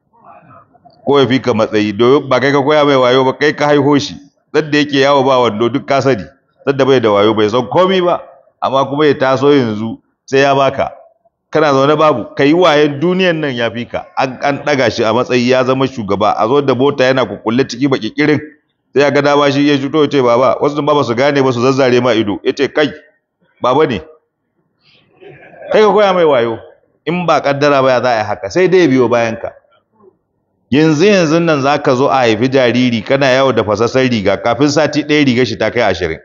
ko ya fi ka matsayi domin ba kai ka koya mai wayo ba kai ka haiho shi da yake yawo ba wando duk ka sani da bai da wayo bai san komi ba amma kuma ya taso yanzu sai ya baka kana zaune babu kai wayen duniyan nan ya fi ka an daga shi a matsayi ya zama shugaba a zo da bota yana kukulle ciki baki kirin sai ya ga ba shi ya fito ya ce baba wasu ba su gane ba su zazzare ma ido ya ce kai baba ne kai ka koya mai wayo in ba kaddara ba ya za a haka sai dai biyo bayan ka yanzu yanzu nan za zo a haifi jariri kana yawo da fasasar riga kafin sati ɗaya riga shi ta kai ashirin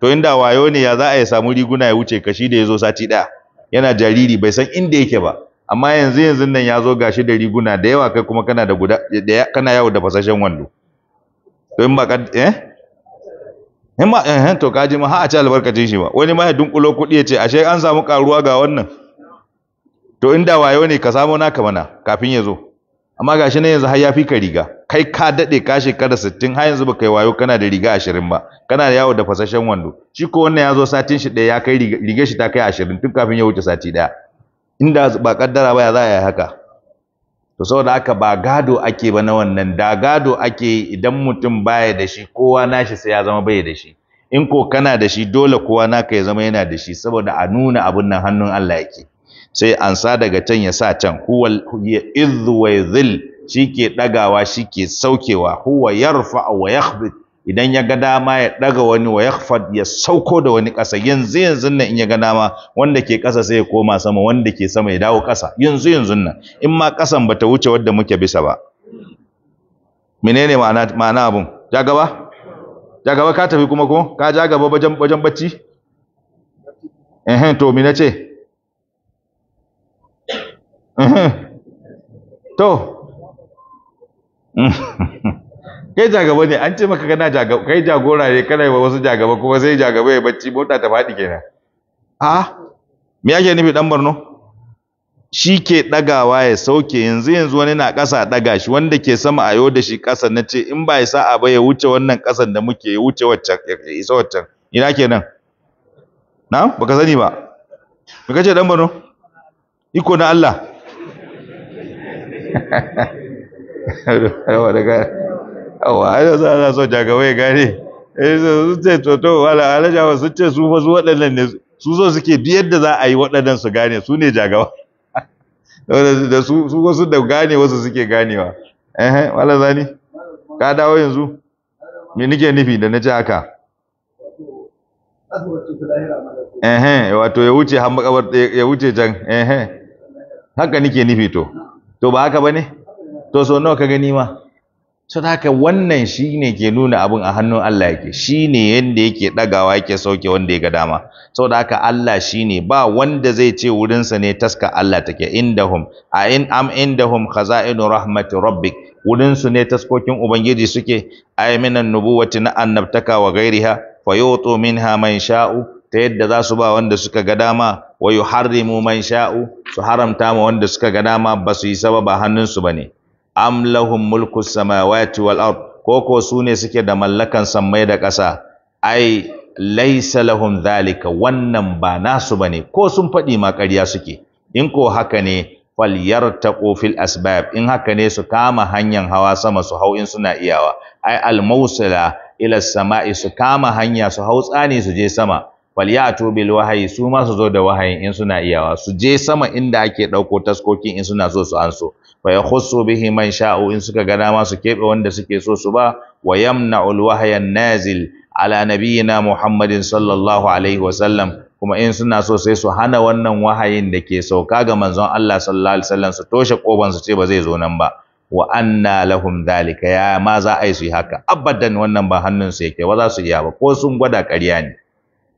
to inda wayo ne ya za a ya samu riguna ya wuce ka shi da ya zo sati ɗaya yana jariri bai san inda yake ba amma yanzu yanzu nan ya zo gashi da riguna da yawa kai kuma kana da guda kana yawo da fasashen wando to in ba ka eh in ma eh to ji ma ha a ci albarkacin shi ba wani ma ya dunkulo kuɗi ya ce ashe an samu karuwa ga wannan to inda wayo ne ka samu naka mana kafin ya zo amma ga shi nan yanzu har ya fi ka riga kai ka daɗe ka shekara sittin, har yanzu baka yi wayo kana da riga 20 ba kana da yawo da fasashen wando shi ko wannan ya zo satin shi ɗaya ya kai riga shi ta kai ashirin, tun kafin ya wuce sati ɗaya inda ba kaddara ba ya za a yi haka to saboda haka ba gado ake ba na wannan da gado ake idan mutum baya da shi kowa nashi sai ya zama bai da shi in ko kana da shi dole kowa naka ya zama yana da shi saboda a nuna abin nan hannun Allah yake sai ansa daga can ya sa can huwa idh wa dhil shike dagawa shike saukewa huwa yarfa wa yakhbit idan ya ga dama ya daga wani wa yakhfad ya sauko da wani ƙasa yanzu yanzu nan in ya ga dama wanda ke ƙasa sai ya koma sama wanda ke sama ya dawo ƙasa yanzu yanzu nan in ma ƙasan bata wuce wadda muke bisa ba menene ma'ana ma'ana abun ja gaba ja gaba ka tafi kuma ko ka ja gaba wajen wajen bacci eh to me nace to kai jagaba ne an ce maka kana jagaba kai jagora ne kana wa wasu jagaba kuma sai jagaba ya bacci mota ta faɗi kenan a me yake nufi dan Borno shi ke ɗagawa ya sauke yanzu yanzu wani na ƙasa ɗaga shi wanda ke sama a yau da shi ƙasa na ce in ba ya sa'a ba ya wuce wannan ƙasan da muke ya wuce waccan ya isa waccan ina kenan na baka sani ba ka ce dan Borno iko na Allah rawa daga awa ai za a so jagawai gane eh, Su ce to to wala alajawa sun ce su fa su waɗannan ne su so suke biyar da za a yi waɗannan su gane su ne jagawa da su wasu da gane wasu suke ganewa eh wala zani ka dawo yanzu me nake nufi da na ci haka eh wato ya wuce ya wuce can eh haka nake nufi to to ba haka bane to so nawa ka gani ma so haka wannan shine ke nuna abin a hannun Allah yake ne yadda yake ɗagawa yake sauke wanda ya ga dama da haka Allah shi ne, ba wanda zai ce wurinsa ne taska Allah take indahum a in am indahum khaza'inu rahmati rabbik wurin ne taskokin ubangiji suke ay nubuwatu nubuwati na annabtaka wa ghairiha fayutu minha man sha'u ta yadda za su ba wanda suka ga dama wa yuharrimu man sha'u su haramta ma wanda suka ga dama ba su yi sababa hannunsu bane am lahum mulku samawati wal ard ko ko su ne suke da mallakan sammai da ƙasa ai laisa lahum zalika wannan ba nasu bane ko sun faɗi ma ƙarya suke in ko haka ne falyartaqu fil asbab in haka ne su kama hanyar hawa sama su hau in suna iyawa ai al mausila ila sama'i su kama hanya su hau tsani su je sama falyatu bil wahayi su ma su zo da wahayin in suna iyawa su je sama inda ake ɗauko taskokin in suna so su anso fa yakhussu bihi man sha'u in suka ga dama su keɓe wanda suke so su ba wa yamna'ul wahayan nazil ala nabiyyina muhammadin sallallahu alaihi wa sallam kuma in suna so sai su hana wannan wahayin da ke sauka ga manzon Allah sallallahu alaihi wasallam su toshe koban su ce ba zai zo nan ba wa anna lahum dhalika ya ma za a yi su haka abadan wannan ba hannun su yake ba za su iya ba ko sun gwada ƙarya ne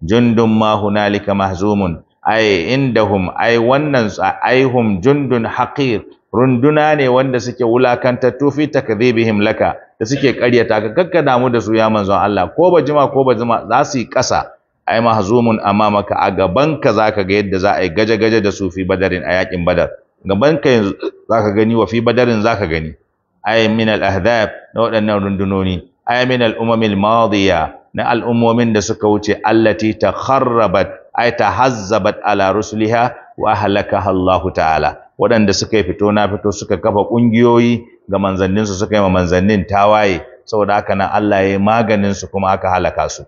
jundun ma hunalika mahzumun ai indahum ai wannan ai hum jundun haqir runduna ne wanda suke wulakantattu fi takdhibihim laka da suke ƙaryata ka kakka damu da su ya manzon Allah ko ba jima ko ba jima za su yi ƙasa ai mahzumun amamaka a gaban ka zaka ga yadda za a yi gaje gaje da su fi badarin a yakin badar gaban ka yanzu zaka gani wa fi badarin zaka gani ai min al ahdab na waɗannan rundunoni ai min al umamil madiya na al'ummomin da suka wuce allati takharrabat ay tahazzabat ala rusuliha wa halakaha Allah ta'ala waɗanda suka fito na fito suka kafa ƙungiyoyi ga manzanninsu suka yi ma manzannin tawaye saboda haka nan Allah ya yi maganin su kuma aka halaka su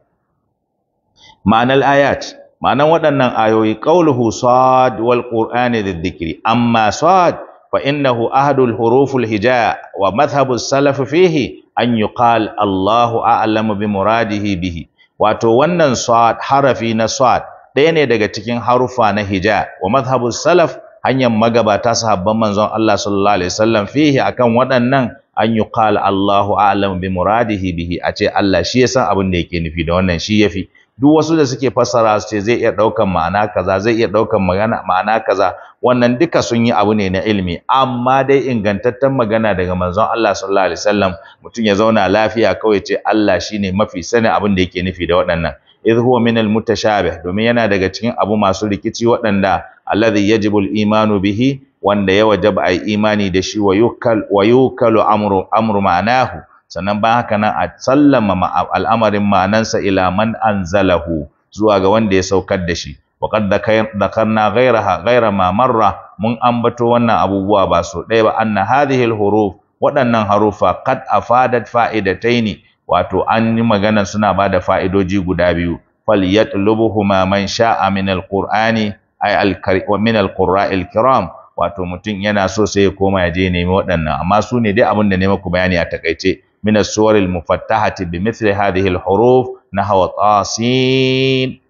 ma'anar ayat ma'anar waɗannan ayoyi qauluhu sad wal qur'ani dhikri amma sad fa innahu ahadul huruful hija wa madhhabu salaf fihi an yuqal Allahu a'lamu bi muradihi bihi wato wannan sad harafi na sad ɗaya ne daga cikin harufa na hija wa madhhabu salaf hanyar magabata sahabban manzon Allah sallallahu alaihi wasallam fihi akan waɗannan an yuqal Allahu a'lamu bi muradihi bihi a ce Allah shi ya san abin da yake nufi da wannan shi ya fi. duk wasu da suke fassara su ce zai iya ɗaukan ma'ana kaza zai iya ɗaukan magana ma'ana kaza wannan duka sun yi abu ne na ilimi amma dai ingantaccen magana daga manzon Allah sallallahu alaihi wasallam mutum ya zauna lafiya kawai ce Allah shine mafi sanin abin da yake nufi da waɗannan iz huwa min al-mutashabih domin yana daga cikin abu masu rikici waɗanda alladhi yajibu al-imanu bihi wanda ya wajaba ai imani da shi wa yukalu amru amru ma'anahu sannan ba haka nan a sallama al'amarin ma'anansa ila man anzalahu zuwa ga wanda ya saukar da shi wa qad dhakarna ghayraha ghayra ma marra mun ambato wannan abubuwa ba so ɗaya ba anna hadhihi al-huruf waɗannan harufa qad afadat ne, wato an yi magana suna ba da fa'idoji guda biyu fal yatlubuhuma man sha'a min al ay al-qurra'i wato mutum yana so sai ya koma ya je nemi waɗannan amma su ne dai abin da ne maku bayani a takaice من السور المفتحة بمثل هذه الحروف نحو طاسين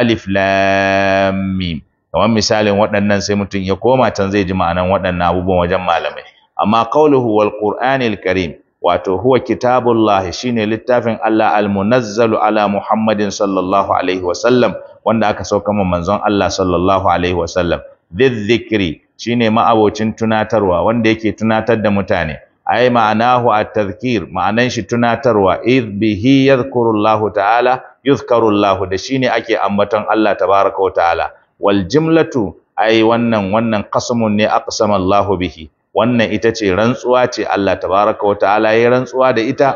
ألف لام ميم kamar misalin waɗannan sai mutum ya koma can zai ji ma'anan waɗannan abubuwan wajen malamai amma qauluhu wal qur'anil karim wato huwa kitabullahi shine littafin Allah munazzalu ala Muhammadin sallallahu alaihi wa sallam wanda aka sauka ma manzon Allah sallallahu alaihi wa sallam dhikri shine ma'abocin tunatarwa wanda yake tunatar da mutane ai ma'anahu at-tadhkir ma'anan shi tunatarwa id bihi yadhkurullahu ta'ala yuzkarullahu da shine ake ambaton Allah tabaraka wa ta'ala wal jumlatu ai wannan wannan qasmun ne aqsama Allahu bihi wannan ita ce rantsuwa ce Allah tabaraka wa ta'ala rantsuwa da ita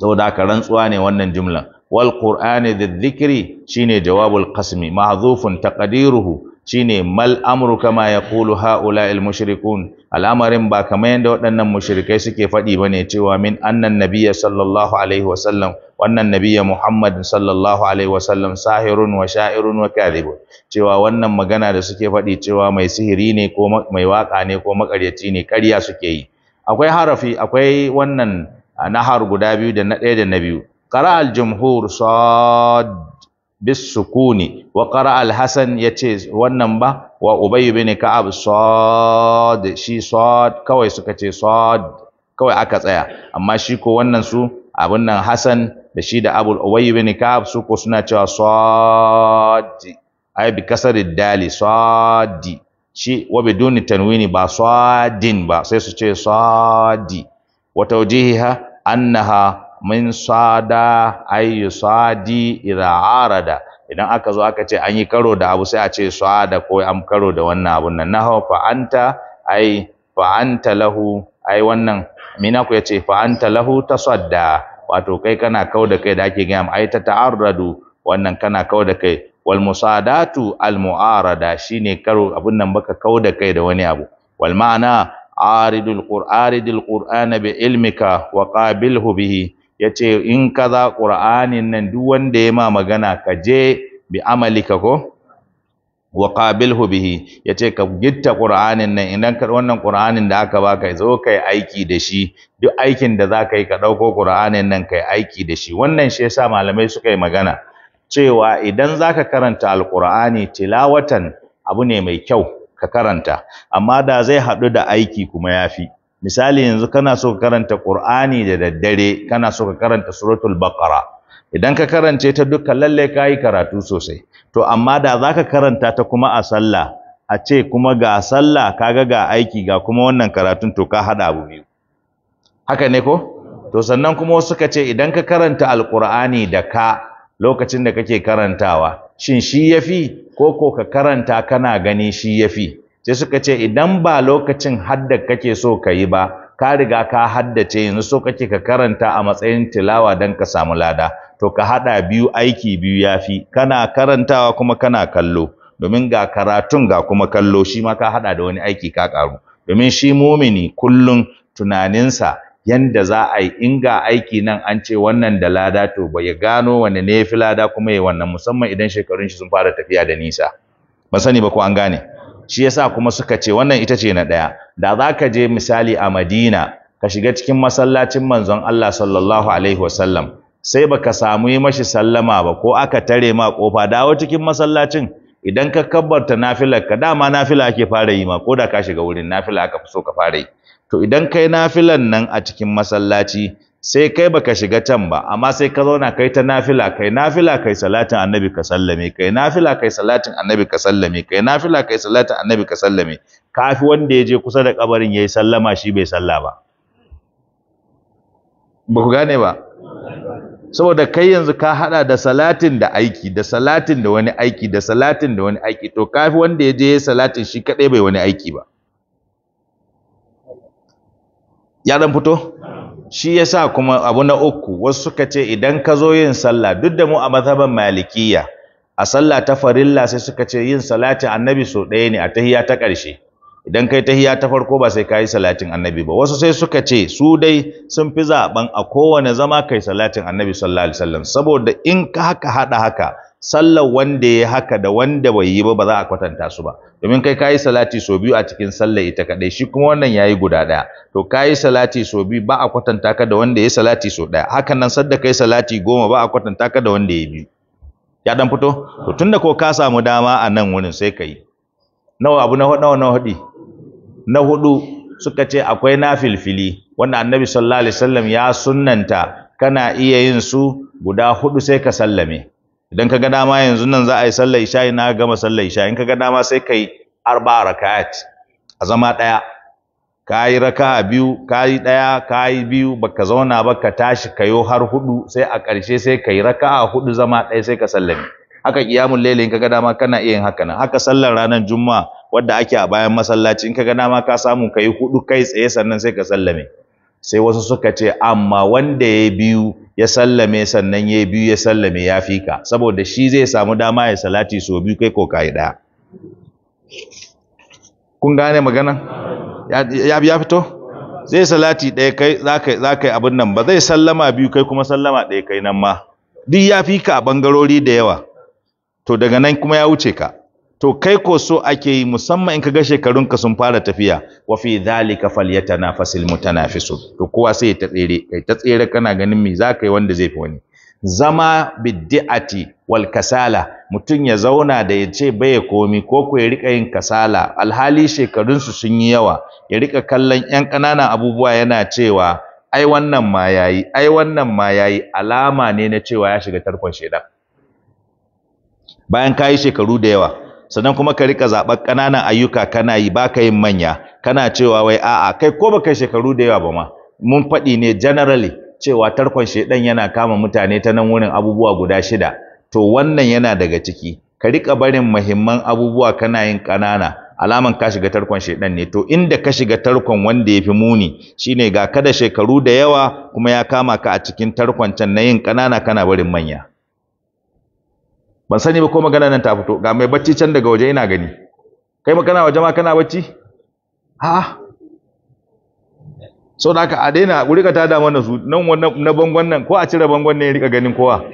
saboda haka rantsuwa ne wannan jumlan wal qur'ani dhikri shine jawabul qasmi mahdhufun taqdiruhu shine mal amru kama yaqulu haula'il mushrikun al'amarin ba kamar yanda waɗannan mushrikai suke faɗi bane cewa min annan nabiyya sallallahu alaihi sallam, wannan nabiyya muhammad sallallahu alaihi wasallam sahirun wa sha'irun wa kadhibun cewa wannan magana da suke faɗi cewa mai sihiri ne ko mai waka ne ko makaryaci ne ƙarya suke yi akwai harafi akwai wannan nahar guda biyu da na ɗaya da na biyu qara al jumhur sad bisukuni wa qara AlHassan ya ce wannan ba wa ubay bin ka'ab sod shi sod kawai suka ce sod kawai aka tsaya amma shi ko wannan su abin nan Hassan da shi da abul ubay bin ka'ab su ko suna cewa sod ay bi kasar dali sod shi wa bi duni tanwini ba sodin ba sai su ce sadi wa tawjihiha annaha min sada ayu sadi idha arada idan aka zo aka ce an yi karo da abu sai a ce sada ko an karo da wannan abun nan nahwa fa anta ay fa anta lahu ai wannan mina ku yace fa anta lahu tasadda wato kai kana kau da kai da ake gaya ai ta ta'arradu wannan kana kau da kai wal musadatu al mu'arada shine karo abun nan baka kau da kai da wani abu wal ma'ana aridul qur'an aridul qur'ana bi ilmika wa qabilhu bihi ya ce in ka za ƙur'anin nan duk wanda ya ma magana ka je bi amalika ko wa ƙabil hubihi ya ce ka gitta ƙura'anin nan idan ka wannan ƙura'anin da aka baka zo kai aiki da shi duk aikin da za ka yi ka ɗauko ƙura'anin nan kai aiki da shi wannan shi yasa malamai suka yi magana cewa idan za ka karanta alƙura'ani tilawatan abu ne mai kyau ka karanta amma da zai haɗu da aiki kuma ya fi misali yanzu kana so ka karanta Qur'ani da daddare kana so ka karanta suratul baqara idan ka karance ta duka lalle kai karatu sosai to amma da zaka karanta ta kuma a sallah a ce kuma ga sallah kaga ga aiki ga kuma wannan karatun to ka hada abu biyu haka ne ko to sannan kuma wasu ka ce idan ka karanta alqur'ani da ka lokacin da kake karantawa shin shi yafi ko ko ka karanta kana gani shi yafi sai suka ce idan ba lokacin hadda kake so ka yi ba ka riga ka haddace yanzu so kake ka karanta a matsayin tilawa don ka samu lada to ka hada biyu aiki biyu ya fi, kana karantawa kuma kana kallo domin ga karatun ga kuma kallo shi ma ka hada da wani aiki ka karu domin shi mumini kullum tunaninsa yanda za a yi in ga aiki nan an ce wannan da lada to ba ya gano wanne ne fi lada kuma ya wannan musamman idan shekarun shi sun fara tafiya da nisa ba sani ba ko an gane shi yasa kuma suka ce wannan ita ce na ɗaya da za ka je misali a madina ka shiga cikin masallacin manzon Allah sallallahu alaihi wasallam sai baka samu yi mashi sallama ba ko aka tare ma kofa dawo cikin masallacin idan ka kabbarta nafilar ka dama nafila ake fara yi ma ko da ka shiga wurin nafila aka fi so ka fara yi to idan kai nafilan nan a cikin masallaci sai kai baka shiga can ba amma sai ka zauna kai ta nafila kai nafila kai salatin annabi ka sallame kai nafila kai salatin annabi ka sallame kai nafila kai salatin annabi ka sallame kafi wanda ya je kusa da kabarin yayi sallama shi bai salla ba ba ku gane ba saboda kai yanzu ka hada da salatin da aiki da salatin da wani aiki da salatin da wani aiki to kafi wanda ya je yayi salatin shi kadai bai wani aiki ba ya dan fito shi yasa kuma abu na uku wasu suka ce idan ka zo yin sallah duk da mu a mazhaban malikiya a sallah ta farilla sai suka ce yin salati annabi so ɗaya ne a tahiya ta ƙarshe idan kai tahiya ta farko ba sai kayi salatin annabi ba wasu sai suka ce su dai sun fi zaɓen a kowane zama kai salatin annabi sallallahu alaihi wasallam saboda in ka haka haɗa haka sallar wanda ya haka da wanda bai yi ba ba za a kwatanta su ba domin kai kayi salati so biyu a cikin sallar ita kadai shi kuma wannan yayi guda daya to kayi salati so biyu ba a kwatanta ka da wanda ya salati so daya hakan nan sadda kai salati goma ba a kwatanta ka da wanda ya biyu ya dan fito to tunda ko ka samu dama a nan wurin sai ka yi nawa abu na hudu na hudu na hudu suka ce akwai nafilfili wanda annabi sallallahu alaihi wasallam ya sunnanta kana iya yin su guda hudu sai ka sallame idan ka ga dama yanzu nan za a yi sallar isha'i na gama sallar isha in ka ga dama sai ka yi arba raka'at a zama ɗaya ka yi raka'a biyu ka yi ɗaya ka yi biyu baka zauna ba ka tashi kayo har hudu sai a ƙarshe sai ka yi raka'a hudu zama ɗaya sai ka sallame haka kiyamun laili in ka ga dama kana iya yin haka nan haka sallar ranar juma'a wadda ake a bayan masallaci in ka ga dama ka samu ka yi hudu kai tsaye sannan sai ka sallame sai wasu suka ce amma wanda ya biyu ya sallame sannan ya biyu ya sallame ya fi ka saboda shi zai samu dama ya salati so biyu kai ko kai daya kun gane magana ya ya fito zai salati ɗaya kai za ka yi abin nan ba zai sallama biyu kai kuma sallama ɗaya kai nan ma duk ya fi ka a bangarori da yawa to daga nan kuma ya wuce ka to kai ko so ake yi musamman in ka kaga ka sun fara tafiya wa fi dhalika falyatanafasil mutanafisu to kowa sai ya tsere kai ta tsere kana ganin me ka yi wanda zai fi wani zama bid'ati wal kasala mutum ya zauna da ya ce bai komi ko ko ya rika yin kasala alhali shekarunsu sun yi yawa ya rika kallon yan kananan abubuwa yana cewa ai wannan ma yayi ai wannan ma yayi alama ne na cewa ya shiga tarkon shedan bayan kayi shekaru da yawa sannan kuma ka rika zaɓar ƙananan ayyuka kana yi baka yin manya kana cewa wai a'a kai ko baka shekaru da yawa ba ma mun faɗi ne generally cewa tarkon shedan yana kama mutane ta nan wurin abubuwa guda shida to wannan yana daga ciki ka rika barin muhimman abubuwa kana yin ƙanana alaman ka shiga tarkon shedan ne to inda ka shiga tarkon wanda ya fi muni shine ga kada shekaru da yawa kuma ya kama ka a cikin tarkon can na yin ƙanana kana barin manya ban sani ba ko magana nan ta fito ga mai bacci can daga waje ina gani kai kana wa ma kana bacci a'a so da ka a daina ku rika tada mana su nan wannan na bangon nan ko a cire bangon ne rika ganin kowa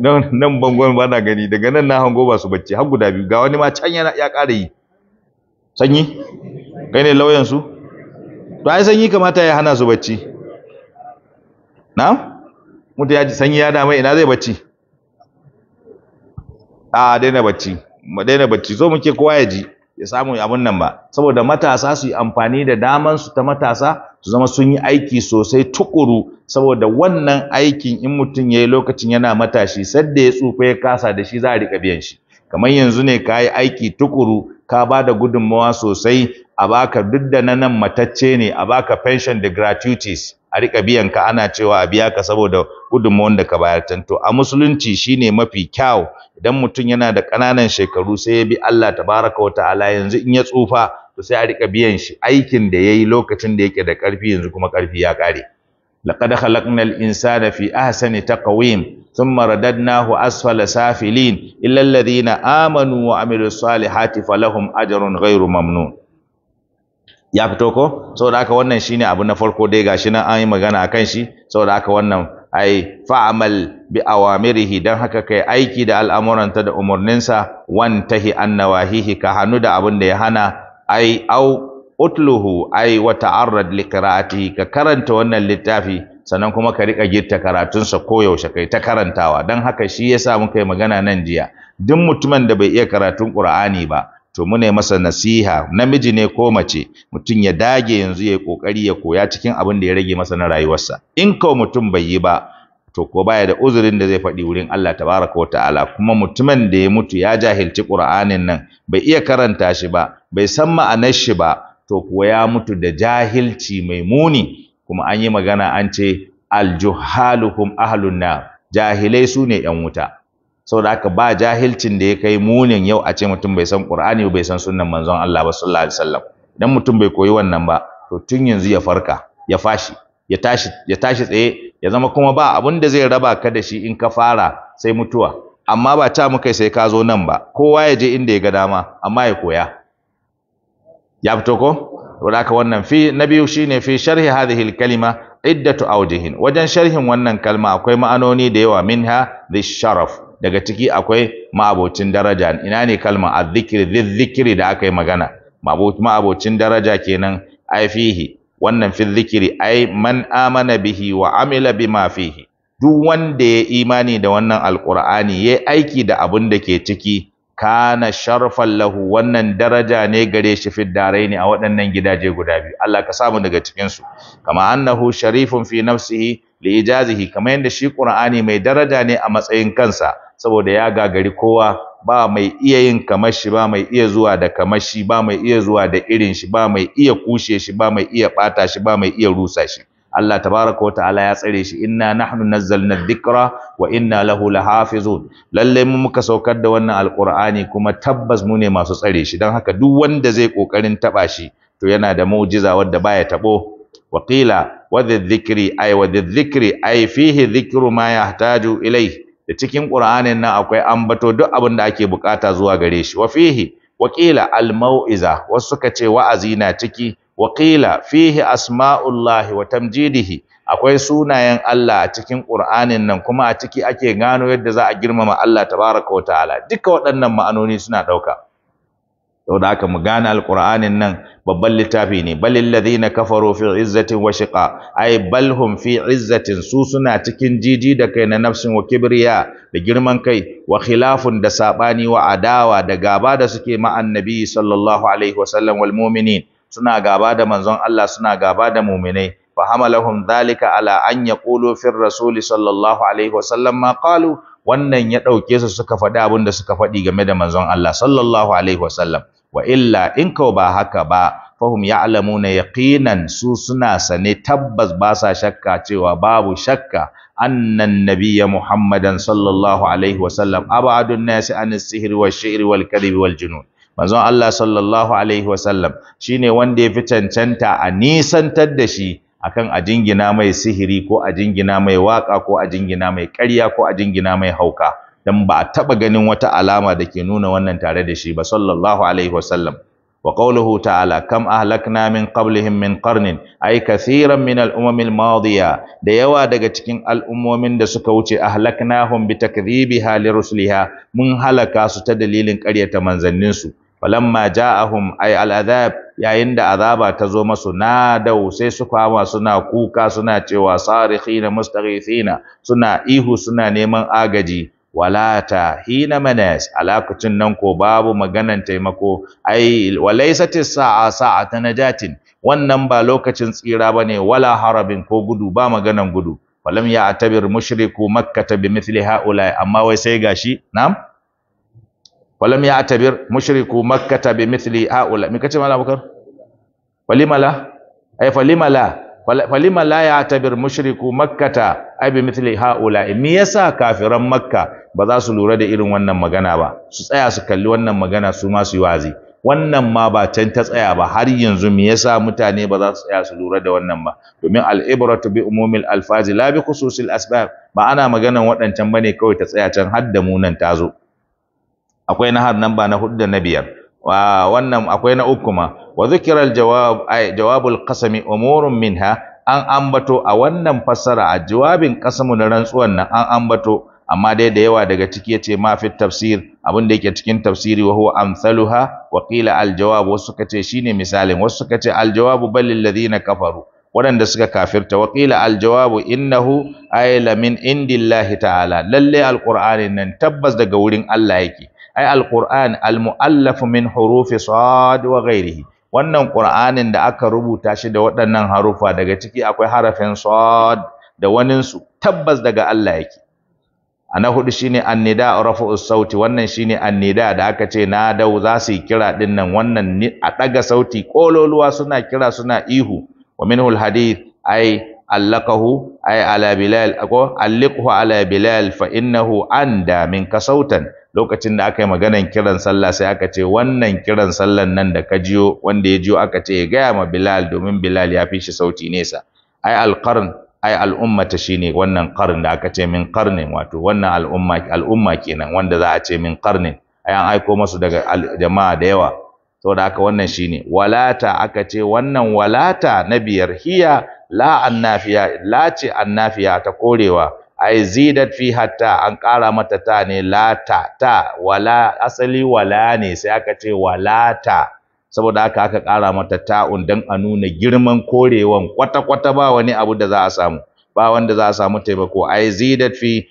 nan nan bangon ba na gani daga nan na hango ba su bacci har guda biyu ga wani ma can yana ya ƙara yi sanyi kai ne lauyan su to ai sanyi kamata ya hana su bacci na mutu ya ji sanyi ya dama ina zai bacci a daina bacci mu daina bacci zo muke kowa ya ji ya samu abun nan ba saboda matasa su yi amfani da daman su ta matasa su zama sun yi aiki sosai tukuru saboda wannan aikin in mutum ya yi lokacin yana matashi da ya tsufa ya kasa da shi za a riƙa biyan shi kamar yanzu ne ka yi aiki tukuru ka ba da gudunmawa sosai a baka duk da na nan matacce ne a baka pension da gratuities a riƙa biyan ka ana cewa a biya ka saboda gudunmawar da ka bayar to a musulunci shine mafi kyau idan mutum yana da ƙananan shekaru sai ya bi Allah tabaraka wa ta'ala yanzu in ya tsufa to sai a rika biyan shi aikin da yayi lokacin da yake da ƙarfi yanzu kuma ƙarfi ya ƙare laqad khalaqnal insana fi ahsani taqwim ثم رددناه أسفل سافلين إلا الذين آمنوا وعملوا الصالحات falahum أجر غير ممنون ya fito ko saboda haka wannan shine abu na farko dai gashi nan an yi magana akan shi saboda haka wannan ai fa'amal bi awamirihi dan haka kai aiki da al'amuranta da umurninsa wantahi an nawahihi ka hannu da abin da ya hana ai au utluhu ai wa ta'arrad li qira'atihi ka karanta wannan littafi sannan kuma ka rika girta karatunsa koyaushe kai ta karantawa dan haka shi yasa muka yi magana nan jiya duk mutumin da bai iya karatun Qur'ani ba to mune masa nasiha namiji ne ko mace mutum ya dage yanzu ya kokari ya koya cikin abin da ya rage masa na rayuwarsa in ko mutum bai yi ba to ko baya da uzurin da zai faɗi wurin Allah tabaraka wa ta'ala kuma mutumin da ya mutu ya jahilci Qur'anin nan bai iya karanta shi ba bai san ma'anar shi ba to kuwa ya mutu da jahilci mai muni kuma an yi magana an ce aljuhaluhum ahlun nar jahilai su ne 'yan wuta saboda aka ba jahilcin da ya kai munin yau a ce mutum bai san Qur'ani bai san sunnan manzon Allah ba sallallahu alaihi wasallam dan mutum bai koyi wannan ba to tun yanzu ya farka ya fashi ya tashi tsaye ya zama kuma ba abin da zai raba ka da shi in ka fara sai mutuwa amma ba ta mu kai sai ka zo nan ba kowa ya je inda ya ga dama amma ya koya ya fito ko wadaka wannan fi na biyu shine fi sharhi hadhihi kalima iddatu awjihin wajen sharhin wannan kalma akwai ma'anoni da yawa minha the sharaf daga ciki akwai ma'abocin daraja ina ne kalma azzikri zikri da aka yi magana ma'abocin daraja kenan ai fihi wannan fi zikiri, ai man amana bihi wa amila bima fihi duk wanda ya imani da wannan alqur'ani ya aiki da abin da ke ciki kana sharfan lahu wannan daraja ne gare shi fi daraini a waɗannan gidaje guda biyu Allah ka samu daga cikin su kama annahu sharifun fi nafsihi li ijazihi kamar yadda shi Qur'ani mai daraja ne a matsayin kansa saboda ya gagari kowa ba mai iya yin kamar shi ba mai iya zuwa da kamar shi ba mai iya zuwa da irin shi ba mai iya kushe shi ba mai iya bata shi ba mai iya rusa shi Allah tabaraka wa ta'ala ya tsare shi inna nahnu nazzalna dhikra wa inna lahu lahafizun lalle mu muka saukar da wannan alqur'ani kuma tabbas mu ne masu tsare shi dan haka duk wanda zai kokarin taba shi to yana da mu'jiza wanda baya tabo wa qila wa dhikri ay wa dhikri ay fihi dhikru ma yahtaju ilayhi da cikin Qur'anin nan akwai ambato duk abin da ake bukata zuwa gare shi wa fihi waqila al mau'iza wasu suka ce wa'azi na ciki waqila fihi asma'ullahi wa tamjidihi akwai sunayen Allah a cikin Qur'anin nan kuma a ciki ake gano yadda za a girmama Allah tabaraka wa ta'ala duka waɗannan ma'anoni suna ɗauka saboda haka mu gane alqur'anin nan babban littafi ne balil ladhina kafaru fi izzatin wa shiqa ay fi izzatin su suna cikin jiji da kai na nafsin wa kibriya da girman kai wa khilafun da sabani wa adawa da gaba da suke ma annabi sallallahu alaihi wasallam wal mu'minin suna gaba da manzon Allah suna gaba da mu'minai fa hamalahum dhalika ala an yaqulu fi rasuli sallallahu alaihi wasallam ma qalu wannan ya ɗauke su suka faɗi abin da suka faɗi game da manzon Allah sallallahu alaihi wasallam wa illa in kau ba haka ba fahum na yakinan su suna sane tabbas ba sa shakka cewa babu shakka annan nabiyya muhammadan sallallahu alaihi wa sallam abadun nasi an sihir wa shi'r manzon Allah sallallahu alaihi wa shine wanda ya fi cancanta a nisantar da shi akan a jingina mai sihiri ko a jingina mai waƙa ko a jingina mai karya ko a jingina mai hauka dan ba a taba ganin wata alama da ke nuna wannan tare da shi ba sallallahu alaihi wasallam wa qawluhu ta'ala kam ahlakna min qablihim min qarnin ay kasiran min al-umam al-madiya da yawa daga cikin al'ummomin da suka wuce ahlaknahum bi takdhibiha li rusuliha mun halaka su ta dalilin ƙaryata manzannin su falamma ja'ahum ay al-adhab yayin da azaba ta zo masu nadau sai su kama suna kuka suna cewa sarikhina mustaghithina suna ihu suna neman agaji walata hina manas alakacin nan ko babu maganan taimako ai walaysati sa'a sa'atan najatin wannan ba lokacin tsira bane wala harabin ko gudu ba maganan gudu falam ya atabir mushriku makkata bimithli haula amma wai sai gashi na'am falam ya atabir mushriku makkata bimithli haula me kace mallam bakar falima ai falimala la falima la ya tabir mushriku makkata ai bi mithli haula me yasa kafiran makka ba za su lura da irin wannan magana ba su tsaya su kalli wannan magana su ma su yi wazi wannan ma ba can ta tsaya ba har yanzu me yasa mutane ba za su tsaya su lura da wannan ba domin al bi umumil alfazi la bi khususil asbab ba ana maganan waɗancan bane kawai ta tsaya can har da mu nan ta zo akwai na har nan ba na hudu da na biyar wannan akwai na uku ma wa al-jawab ay jawabul qasami umurun minha an ambato a wannan fassara a jawabin qasamu na rantsuwan nan an ambato amma dai da yawa daga ciki yace ma fi tafsir abin da yake cikin tafsiri wa huwa amsaluha wa qila al wasu suka ce shine misalin wasu suka ce al jawabu bal ladina kafaru Wadanda suka kafirta wa qila al innahu ayla min indillahi ta'ala lalle al nan tabbas daga wurin Allah yake ai al qur'an al muallaf min hurufi sad wa ghairihi wannan qur'anin da aka rubuta shi da waɗannan harufa daga ciki akwai harafin sad da waninsu tabbas daga Allah yake ana hudu shine annida rafa'u sauti wannan shine annida da aka ce na dau za su yi kira dinnan wannan a daga sauti kololuwa suna kira suna ihu wa minhu alhadith ay allaqahu ay ala bilal ko alliqhu ala bilal fa innahu anda sautan lokacin da aka yi maganan kiran sallah sai aka ce wannan kiran sallan nan da ka jiyo wanda ya jiyo aka ce ya gaya ma bilal domin bilal ya fi shi sauti nesa Ai alqarn ai al'ummata shine wannan qarn da aka ce min qarnin wato wannan al'umma al'umma kenan wanda za a ce min qarnin ai an aiko masu daga jama'a da yawa saboda haka wannan shine walata aka ce wannan walata na biyar hiya la annafiya la ce annafiya ta korewa ai zidat fi hatta an kara mata ta ne la ta ta wala asali wala ne sai aka ce walata saboda haka aka ƙara mata ta'un don a nuna girman korewan kwata-kwata ba wani abu da za a samu ba wanda za a samu taimako ai zidat fi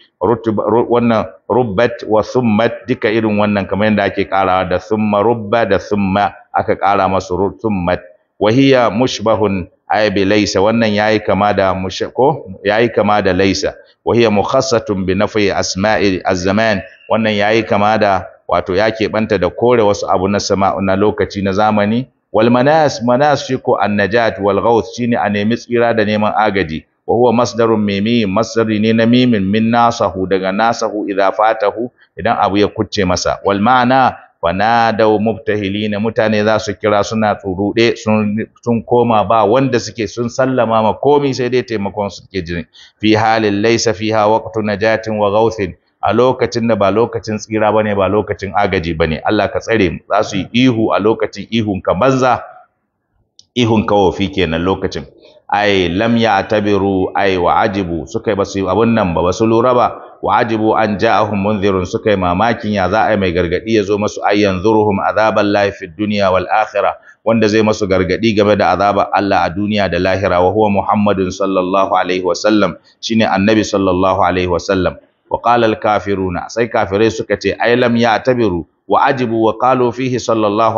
wannan rubbat wa summat duka irin wannan kamar yadda ake ƙarawa da summa rubba da summa aka ƙara masu summat wa hiya mushbahun ay bi wannan yayi kama da mushko yayi kama da laysa wa hiya mukhassatun bi nafyi asma'i az-zaman wannan yayi kama da wato ya keɓanta da kore wasu abu na sama na lokaci na zamani wal manas manas shi ko annajat wal shi shine a nemi tsira da neman agaji wa huwa masdarun mimi masdari ne na mimin min nasahu daga nasahu idza fatahu idan abu ya kucce masa wal ma'ana fanadaw mubtahilina mutane za su kira suna tsurude sun sun koma ba wanda suke sun sallama ma komi sai dai taimakon suke jin fi halin laysa fiha waqtu najatin wa ghausin a lokacin da ba lokacin tsira bane ba lokacin agaji bane Allah ka tsare mu za su yi ihu a lokacin ihun ka banza ihun ka wofi kenan lokacin ai lam tabiru ai wa ajibu suka abun nan ba basu lura ba wa ajibu an ja'ahum munzirun suka yi mamakin ya za a mai gargadi ya zo masu ai yanzuruhum azaban lahi fid dunya wal akhirah wanda zai masu gargadi game da azabar Allah a duniya da lahira wa huwa Muhammadun sallallahu alaihi wasallam shine annabi sallallahu alaihi wasallam wa kafiruna sai kafirai suka ce ai lam ya tabiru wa ajibu wa qalu fihi sallallahu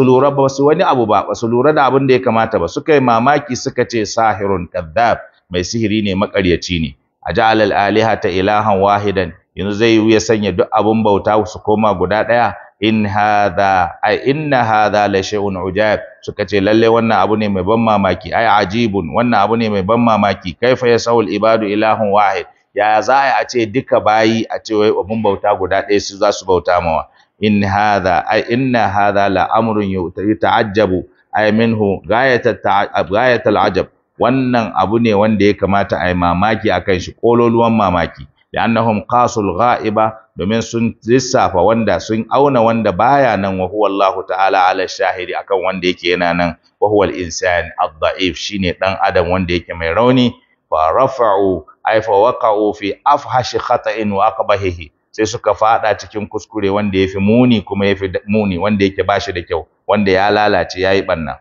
lura ba su wani abu ba basu lura da abin da ya kamata ba suka yi mamaki suka ce sahirun kadhab mai sihiri ne makaryaci ne aja'al Aliha ta ilahan wahidan yanzu zai yi ya sanya duk abin bauta su koma guda ɗaya? in hadha inna hadha la shay'un ujab suka ce lalle wannan abu ne mai ban mamaki ai ajibun wannan abu ne mai ban mamaki kaifa yasawul ibadu ilahun wahid yaya za a yi a ce duka bayi a ce wai abun bauta guda ɗaya su za su bauta mawa in hada ai inna hada la amrun yuta'ajjabu ai minhu gayatal ajab wannan abu ne wanda ya kamata a yi mamaki akan shi kololuwan mamaki li'annahum qasul ghaiba domin sun lissafa wanda sun auna wanda baya nan wa huwa Allah ta'ala ala shahidi akan wanda yake yana nan wa huwa al-insan ad-da'if shine dan adam wanda yake mai rauni Farafa'u rafa'u ay fa waqa'u fi afhashi khata'in wa sai suka fada cikin kuskure wanda yafi muni kuma yafi muni wanda yake ba shi da kyau wanda ya lalace yayi banna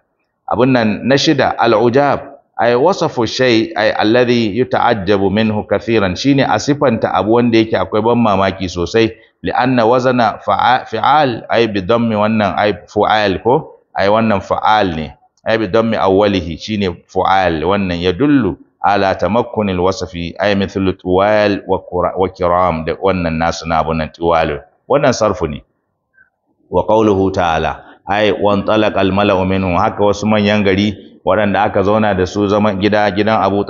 abun nan na shida al-ujab ay wasafu shay ay alladhi yuta'ajjabu minhu kathiran shine asifanta abu wanda yake akwai ban mamaki sosai li'anna wazana fa'al ay bi dammi wannan ay fu'al ko ay wannan fa'al ne ay bi dammi awwalihi shine fu'al wannan yadullu ala تمكن wasafi أي مثل tuwal وكرام وأن da wannan nasu na صرفني وقوله wannan sarfu ne wa منهم ta'ala ay wan talaqa al haka wasu manyan gari waɗanda aka zauna da su gidan Abu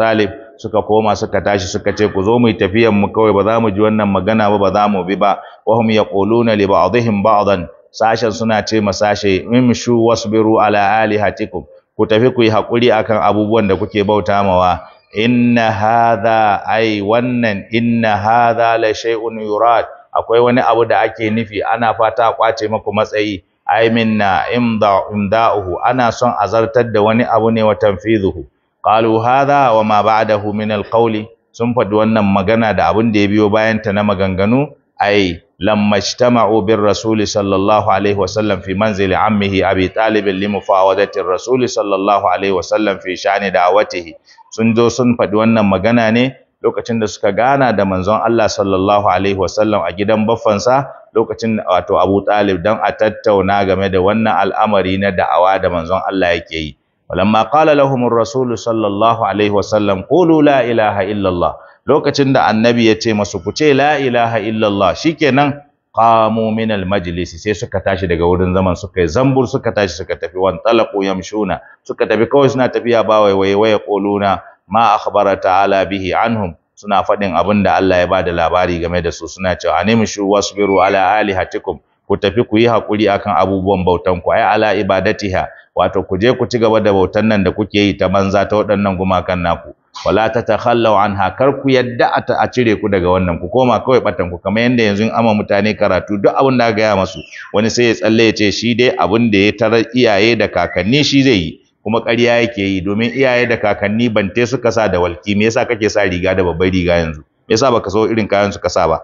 suka koma suka tashi suka ce ku zo mu tafiyan mu kawai ba za mu ji wannan magana ba ba za mu bi ba wa hum yaquluna li ba'dihim ba'dan sashen suna ce ma sashe imshu wasbiru ala alihatikum ku tafi ku yi hakuri akan abubuwan da kuke bauta mawa inna hadha ai wannan inna hadha la shay'un yurad akwai wani abu da ake nufi ana fata a kwace muku matsayi ai minna imda imda'uhu ana son azartar da wani abu ne wa tanfizuhu qalu hadha wa ma ba'dahu min alqawli sun faɗi wannan magana da abin da ya biyo bayan ta na maganganu ai lamma ijtama'u bir rasul sallallahu alaihi wasallam fi manzili ammihi abi talib li mufawadati rasul sallallahu alaihi wasallam fi shani da'watihi sun zo sun faɗi wannan magana ne lokacin da suka gana da manzon Allah sallallahu alaihi wasallam a gidan baffansa lokacin wato Abu Talib dan a tattauna game da wannan al'amari na da'awa da manzon Allah yake yi walamma qala lahum ar-rasul sallallahu alaihi wasallam qulu la ilaha illallah lokacin da annabi ya ce masu ku ce la ilaha illallah shikenan qamu min al-majlis sai suka tashi daga wurin zaman suka yi zambur suka tashi suka tafi wan talaqu yamshuna suka tafi kawai suna tafiya ba wai wai wai quluna ma akhbara ta'ala bihi anhum suna faɗin abin da Allah ya ba da labari game da su suna cewa animshu wasbiru ala alihatikum ku tafi ku yi hakuri akan abubuwan bautan ku ai ala ibadatiha wato ku je ku ci gaba da bautan nan da kuke yi ta banza ta waɗannan gumakan naku wala ta takhallaw anha kar ku yadda a cire ku daga wannan ku koma kawai batan ku kamar yanda yanzu amma mutane karatu duk abin da ga ya masu wani sai ya tsalle ya ce shi dai abin da ya tarar iyaye da kakanni shi zai yi kuma ƙarya yake yi domin iyaye da kakanni bante suka sa da walki me yasa kake sa riga da babbar riga yanzu me yasa baka so irin kayan su ka sa ba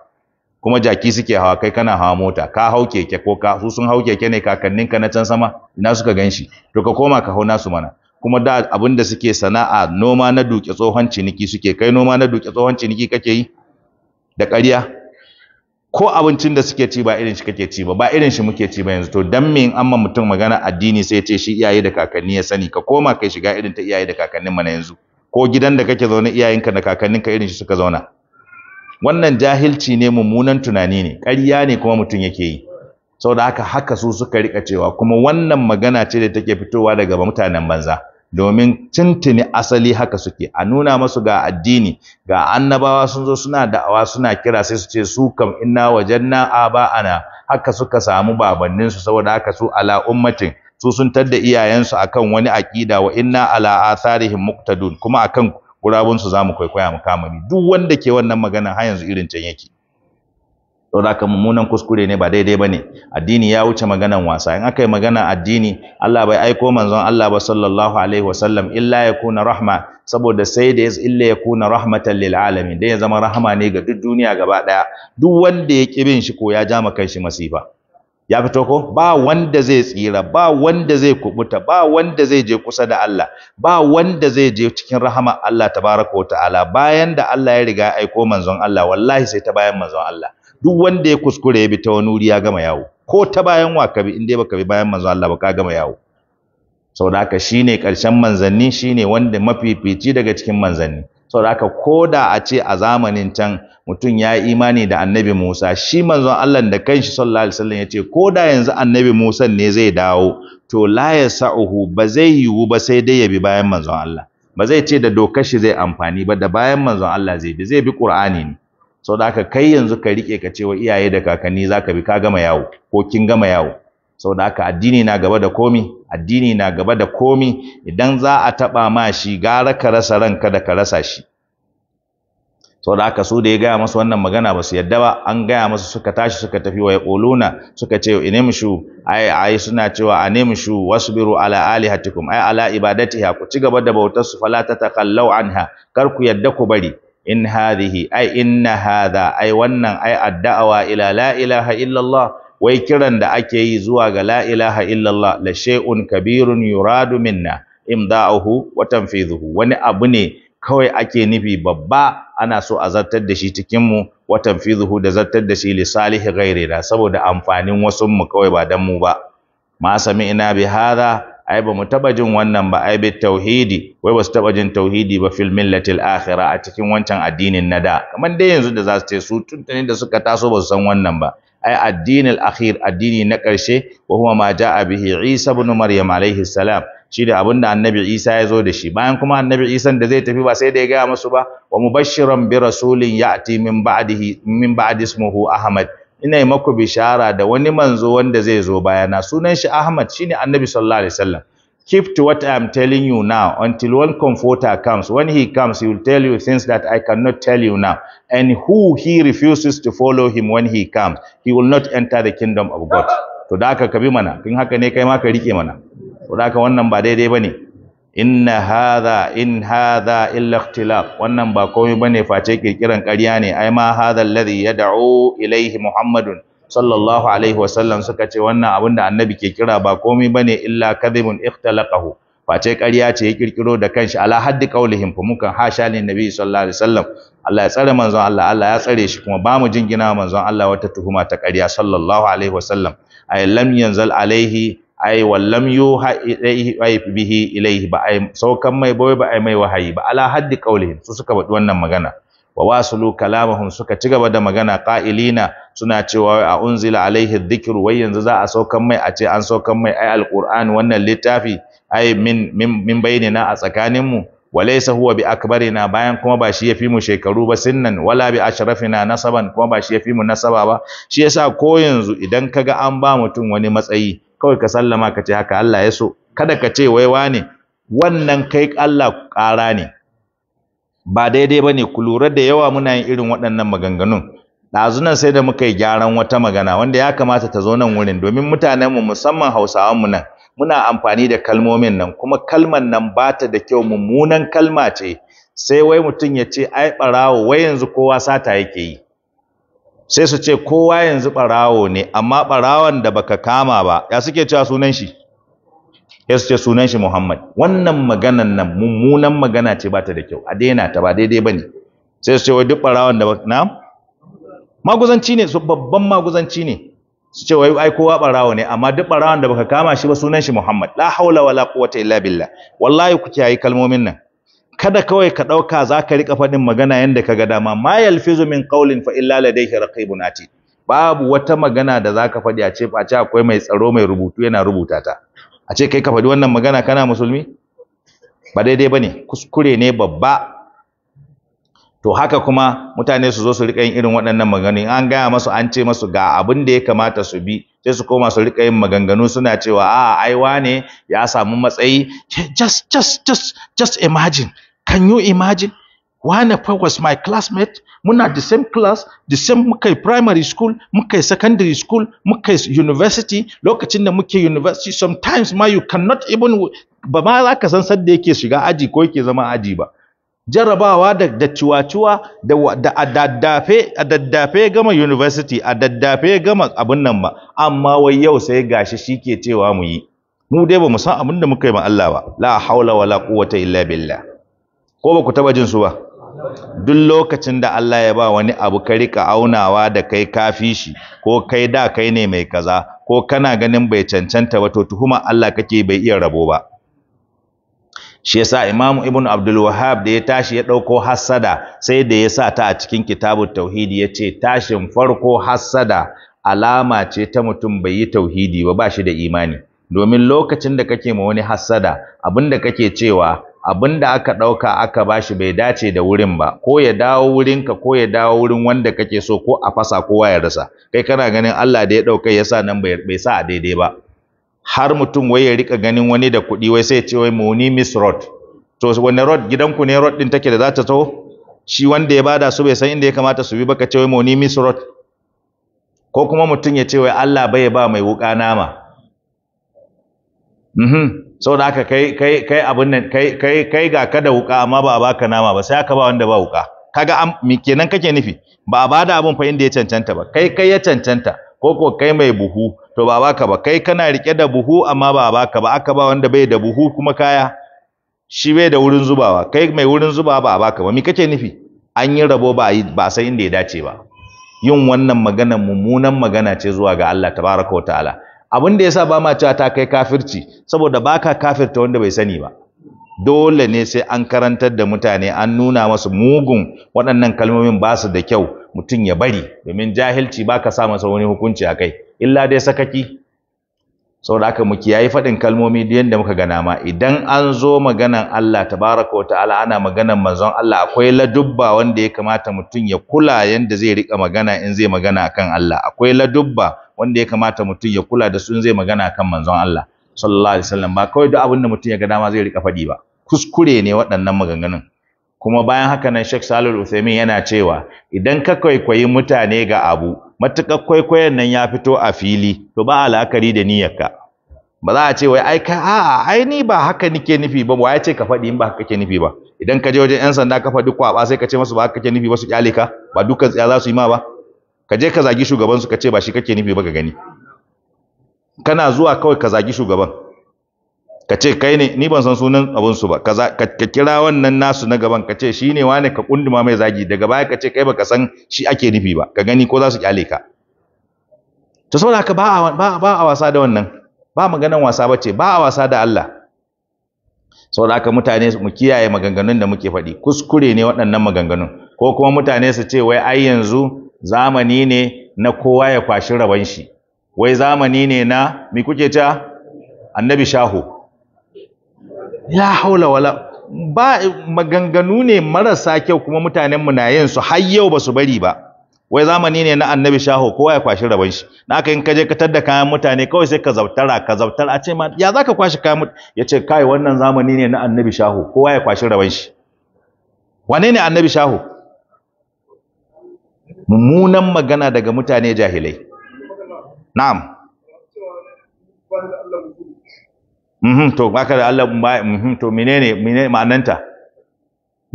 kuma jaki suke hawa kai kana hawa mota ka hau keke ko ka su sun hau keke ne kakannin ka na can sama ina suka ganshi to ka koma ka hau nasu mana kuma da abin da suke sana'a noma na duke tsohon ciniki suke kai noma na duke tsohon ciniki kake yi da ƙarya ko abincin da suke ci ba irin shi kake ci ba ba irin shi muke ci ba yanzu to dan me in amma mutum magana addini sai ya ce shi iyaye da kakanni ya sani ka koma kai shiga irin ta iyaye da kakannin mana yanzu ko gidan da kake zaune iyayenka da kakanninka irin shi suka zauna wannan jahilci ne mummunan tunani ne ƙarya ne kuma mutum yake yi saboda haka haka su suka rika cewa kuma wannan magana ce da take fitowa daga mutanen banza domin tuntuni asali haka suke a nuna masu ga addini ga annabawa sun zo suna da'awa suna kira sai su ce su kam inna wajanna ana haka suka samu babannin su saboda haka su ala ummatin su sun tadda iyayensu akan wani aqida wa inna ala atharihim muqtadun kuma akan gurabunsu za mu kwaikwaya mu kama ni duk wanda ke wannan magana har yanzu irin can yake don haka mummunan kuskure ne ba daidai ba ne addini ya wuce maganan wasa in aka yi magana addini Allah bai aiko manzon Allah ba sallallahu alaihi wasallam illa ya kuna rahma saboda sai da illa ya kuna rahmatan lil alamin dai ya zama rahma ne ga duk duniya gaba daya duk wanda ya kibin shi ko ya ja ma kai shi masifa ya fito ko ba wanda zai tsira ba wanda zai kubuta ba wanda zai je kusa da Allah ba wanda zai je cikin rahama Allah tabaraka wa ta'ala bayan da Allah ya riga aiko manzon Allah wallahi sai ta bayan manzon Allah duk wanda ya kuskure ya bi ta wani wuri ya gama yawo ko ta bayan wa in dai baka bi bayan manzon Allah ba ka gama yawo saboda haka shine karshen manzanni shine wanda mafifici daga cikin manzanni saboda haka koda a ce a zamanin can mutum ya yi imani da annabi Musa shi manzon Allah da kanshi sallallahu alaihi wasallam yace koda yanzu annabi Musa ne zai dawo to la yasa'uhu ba zai yiwu ba sai dai ya bi bayan manzon Allah ba zai ce da dokar shi zai amfani ba da bayan manzon Allah zai bi zai bi Qur'ani ne saboda haka kai yanzu ka rike ka ce wa iyaye da kakanni zaka bi ka gama yawo ko kin gama yawo saboda aka addini na gaba da komi addini na gaba da komi idan za a taba ma shi gara ka rasa ranka da ka rasa shi saboda haka su da ya gaya masu wannan magana ba su yadda ba an gaya masu suka tashi suka tafi wa yaquluna suka ce inimshu ai ai suna cewa animshu wasbiru ala alihatikum ai ala ibadatiha ku ci gaba da bautar su fala an anha kar ku yadda ku bari in hadhihi ai inna hadha ai wannan ai addawa ila la ilaha illallah wai kiran da ake yi zuwa ga la ilaha illallah la shay'un kabirun yuradu minna imda'uhu wa tanfidhuhu wani abu ne kawai ake nufi babba ana so a zartar da shi cikin mu wa tanfidhuhu da zartar da shi li salihi da saboda amfanin wasun mu kawai ba dan mu ba ma sami'na bi hadha ai ba mu taba jin wannan ba ai bi tauhidi wai basu taba jin tauhidi ba fil millatil akhirah a cikin wancan addinin nada kamar dai yanzu da za su ce su tuntuni da suka taso ba su san wannan ba ai addinil akhir addini na ƙarshe wa huwa ma ja'a bihi Isa ibn Maryam Alayhi salam shi da annabi Isa ya zo da shi bayan kuma annabi Isa da zai tafi ba sai da ya gaya musu ba wa mubashiran bi rasulin ya'ti min ba'dihi min ba'di ismuhu Ahmad ina yi maku bishara da wani manzo wanda zai zo bayana sunan shi Ahmad shine annabi sallallahu alaihi wasallam Keep to what I am telling you now until one comforter comes. When he comes, he will tell you things that I cannot tell you now. And who he refuses to follow him when he comes, he will not enter the kingdom of God. To da ka kabi mana, kin haka ne kai ma ka rike mana. To da ka wannan ba daidai bane. Inna hadha in hadha illa ikhtilaf. Wannan ba komai bane face kirkiran ƙarya ne. Ai ma hadha alladhi yad'u ilayhi Muhammadun sallallahu alaihi wasallam suka ce wannan abin da annabi ke kira ba komai bane illa kadhibun ikhtalaqahu face ƙarya ce ya kirkiro da kanshi ala haddi qaulihim fa mukan hasha lin nabi sallallahu alaihi wasallam Allah ya tsare manzon Allah Allah ya tsare shi kuma ba mu jingina manzon Allah wata tuhuma ta ƙarya sallallahu alaihi wasallam ay lam yanzal alaihi ay wallam yuha ilaihi bihi ilaihi ba ay saukan mai boye ba ay mai wahayi ba ala haddi qaulihim su suka faɗi wannan magana wa wasulu kalamahum suka ci gaba da magana qa'ilina suna cewa a unzila alaihi dhikru wai yanzu za a saukan mai a ce an saukan mai ai alquran wannan littafi ai min min bainina a tsakanin mu walaysa huwa bi akbarina bayan kuma ba shi yafi mu shekaru ba sinnan wala bi ashrafina nasaban kuma ba shi yafi mu nasaba ba shi yasa ko yanzu idan kaga an ba mutum wani matsayi kawai ka sallama ka ce haka Allah ya so kada ka ce wai wane wannan kai Allah ƙara ne ba daidai ba ne ku lura da yawa muna yin irin waɗannan maganganun nan sai da muka yi gyaran wata magana wanda ya kamata ta zo nan wurin domin mutanenmu musamman hausawanmu nan muna amfani da kalmomin nan kuma kalman nan ba ta da kyau mummunan kalma ce sai wai mutum ya ce ai ɓarawo wai yanzu kowa sata yake yi sai su ce kowa yanzu ɓarawo ne amma ɓarawon da baka kama ba ya suke cewa sunan shi ya ce sunan shi Muhammad wannan maganan nan mummunan magana ce ba ta da kyau a daina ta ba daidai ba sai su ce wai duk barawan da na maguzanci ne su babban maguzanci ne su ce wai ai kowa barawo ne amma duk barawan da baka kama shi ba sunan shi Muhammad la haula wala quwwata illa billah wallahi ku kiyaye kalmomin nan kada kawai ka ɗauka zaka rika riƙa faɗin magana yanda ka ga dama ma yalfizu min qawlin fa illa ladayhi raqibun atid babu wata magana da zaka ka faɗi a ce face akwai mai tsaro mai rubutu yana rubuta ta a ce kai ka faɗi wannan magana kana musulmi ba daidai ba ne kuskure ne babba to haka kuma mutane su zo su riƙa yin irin waɗannan maganganu an gaya masu an ce masu ga abin da ya kamata su bi sai su koma su riƙa yin maganganu suna cewa a aiwa ne ya samu matsayi just just just just imagine can you imagine wane fa was my classmate muna the same class the same muka yi primary school muka yi secondary school muka yi university lokacin da muke university sometimes ma you cannot even ba ma za ka san sanda yake shiga aji ko yake zama aji ba jarabawa da da ciwaciwa da da daddafe a daddafe gama university a daddafe gama abin nan ba amma wai yau sai gashi shi ke cewa mu yi mu dai ba mu san abin da muka yi ma Allah ba la haula wala quwwata illa billah ko ba ku taba jin su ba duk lokacin da Allah ya ba wani abu ka rika aunawa da kai kafi shi ko kai da kai ne mai kaza ko kana ganin bai cancanta ba to tuhuma Allah kake bai iya rabo ba shi yasa Imam Ibn Abdul Wahhab da ya tashi ya dauko hassada sai da ya sa ta a cikin kitabut tauhidi ce tashin farko hassada alama ce ta mutum bai yi tauhidi ba ba shi da imani domin lokacin da kake ma wani hassada abinda kake cewa abin da aka ɗauka aka bashi bai dace da wurin ba ko ya dawo wurinka ko ya dawo wurin wanda kake so ko a fasa kowa ya rasa kai kana ganin Allah da ya ɗauka ya sa nan bai sa a daidai ba har mutum wai ya rika ganin wani da kuɗi wai sai ce wai muni miss road to wani road gidanku ne road din take da za ta taho shi wanda ya bada su bai san inda ya kamata su bi ba ka ce wai muni miss road ko kuma mutum ya ce wai Allah bai ba mai wuka nama mhm saboda haka kai kai ga ka da wuka amma ba a baka nama ba sai aka ba wanda ba wuka kaga me kenan kake nufi ba a bada abin fa inda ya cancanta ba kai kai ya cancanta ko ko kai mai buhu to ba baka ba kai kana rike da buhu amma ba baka ba aka ba wanda bai da buhu kuma kaya shi bai da wurin zubawa kai mai wurin zubawa ba baka ba me kake nufi an yi rabo ba ba san inda ya dace ba yin wannan magana mummunan magana ce zuwa ga Allah tabaraka wa ta'ala abin da yasa ba ma cewa ta kai kafirci saboda baka kafirta wanda bai sani ba dole ne sai an karantar da mutane an nuna masu mugun waɗannan kalmomin ba su da kyau mutum ya bari domin jahilci baka sa masa wani hukunci a kai illa dai sakaki saboda haka ya yi faɗin kalmomi da yadda muka gana ma idan an zo maganan Allah tabaraka wa ta'ala ana maganan manzon Allah akwai ladubba wanda ya kamata mutum ya kula yanda zai rika magana in zai magana kan Allah akwai ladubba wanda ya kamata mutum ya kula da su in zai magana kan manzon Allah sallallahu alaihi wasallam ba kawai duk abin da mutum ya ga dama zai rika faɗi ba kuskure ne waɗannan maganganun kuma bayan haka nan Sheikh Salul Uthaymeen yana cewa idan ka kwaikwayi mutane ga abu matuƙar kwaikwayon nan ya fito a fili to ba la'akari da niyyarka ba za a ce wai ai ka a'a ai ni ba haka nike nufi ba wai ce ka faɗi in ba haka kake nufi ba idan ka je wajen ƴan sanda ka faɗi kwaba sai ka ce musu ba haka kake nufi ba su kyale ka ba dukkan tsaya za su yi ma ba ka je ka zagi shugaban su ka ce ba shi kake nufi ba ka gani kana zuwa kawai ka zagi shugaban ka ce kai ne ni ban san sunan abun su ba kaza ka kira wannan nasu na gaban ka ce shi ne, wane ka kunduma mai zagi daga baya ka ce kai baka san shi ake nufi ba ka gani ko za su kyale ka to saboda haka ba ba ba a wasa da wannan ba maganan wasa bace ba a wasa da Allah saboda haka mutane mu kiyaye maganganun da muke faɗi kuskure ne waɗannan maganganun ko kuma mutane su ce wai ai yanzu zamani ne na kowa ya kwashi rabon shi wai zamani ne na me kuke ta annabi shaho la haula wala ba maganganu ne marasa kyau kuma mutanenmu na yin su har yau ba su bari ba wai zamani ne na annabi shaho kowa ya kwashi rabon shi na aka in ka je ka tadda kayan mutane kawai sai ka zautara ka zautar a ce ma ya za ka kwashi kayan mutane ya ce kai wannan zamani ne na annabi shaho kowa ya kwashi rabon shi wane ne annabi shaho mummunan magana daga mutane jahilai na'am mhm to baka da Allah mhm to menene menene ma'ananta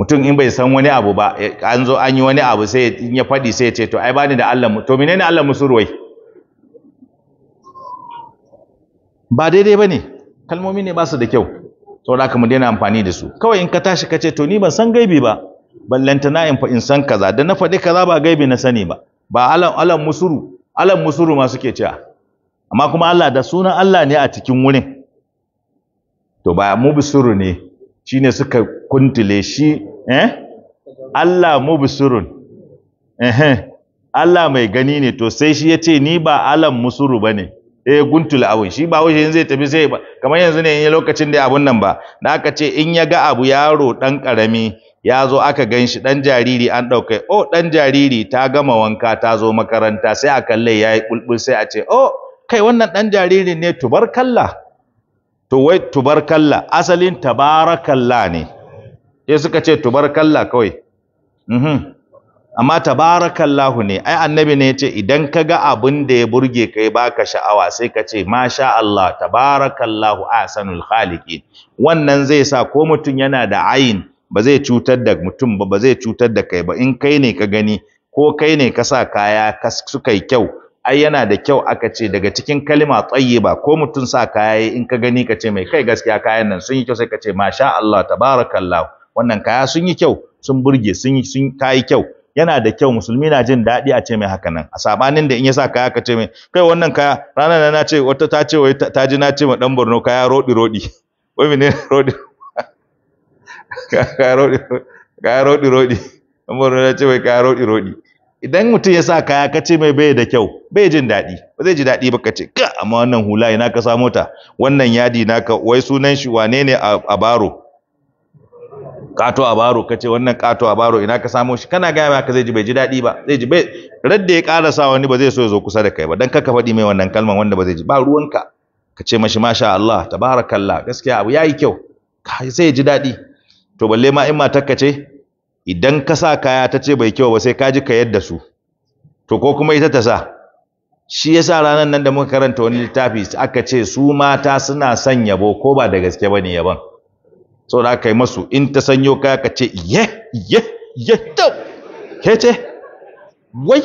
mutum in bai san wani abu ba an zo an yi wani abu sai in ya faɗi sai ya ce to ai bani da Allah mu to menene Allah musurwai ba daidai bane kalmomi ne ba su da kyau saboda haka mu daina amfani da su kawai in ka tashi ka ce to ni ban san gaibi ba ballanta na in fa in san kaza da na faɗi kaza ba gaibi na sani ba ba Allah Allah musuru Allah musuru ma suke cewa amma kuma Allah da sunan Allah ne a cikin wurin to ba mubsiru ne shine suka kuntule shi eh Allah mubsirun eh Allah mai gani ne to sai shi yace ni ba alam musuru bane eh guntul awai shi ba wai zai tafi sai kamar yanzu ne in lokacin da abun nan ba da aka ce in ya ga abu yaro dan karami ya zo aka gan shi dan jariri an ɗauka oh dan jariri ta gama wanka ta zo makaranta sai a kalle yayi yi sai a ce oh kai wannan dan jariri ne tubarkalla to wai tubarkalla asalin tabarakalla ne sai suka ce tubarkalla kawai mhm amma tabarakallahu ne ai annabi ne yace idan kaga abin da ya burge kai baka sha'awa sai ka ce masha Allah tabarakallahu ahsanul khaliqin wannan zai sa ko mutum yana da ayin ba zai cutar da mutum ba ba zai cutar da kai ba in kai ne ka gani ko kai ne ka sa kaya suka yi kyau ai yana da kyau aka ce daga cikin kalima tayyiba ko mutum sa kaya in ka gani ka ce mai kai gaskiya kayan nan sun yi kyau sai ka ce masha Allah tabarakallah wannan kaya sun yi kyau sun burge sun yi sun kayi kyau yana da kyau musulmi na jin daɗi a ce mai haka nan a sabanin da in ya sa kaya ka ce mai kai wannan kaya ranar na ce wata ta ce wai ta ji na ce ma dan Borno kaya rodi rodi wai ne rodi kaya rodi kaya rodi rodi dan Borno na ce wai kaya rodi rodi idan mutum ya sa kaya ka ce mai bai da kyau bai jin daɗi ba zai ji daɗi ba ka ce ka amma wannan hula ina ka samo ta wannan yadi naka wai sunan shi wane ne a baro kato a baro ka ce wannan kato a baro ina ka samo shi kana gaya ma ka zai ji bai ji daɗi ba zai ji bai radda ya ƙara sa wani ba zai so ya zo kusa da kai ba dan ka faɗi mai wannan kalman wanda ba zai ji ba ruwanka ka ce mashi masha Allah tabarakallah gaskiya abu yayi kyau sai ya ji daɗi to balle ma in matar ka ce idan ka sa kaya ta ce bai kyau ba sai ka ji ka yadda su to ko kuma ita ta sa shi yasa ranar nan da muka karanta wani littafi aka ce su mata suna son yabo ko ba da gaske bane yaban saboda aka yi masu in ta sanyo kaya ka ce ye ye ye to ke ce wai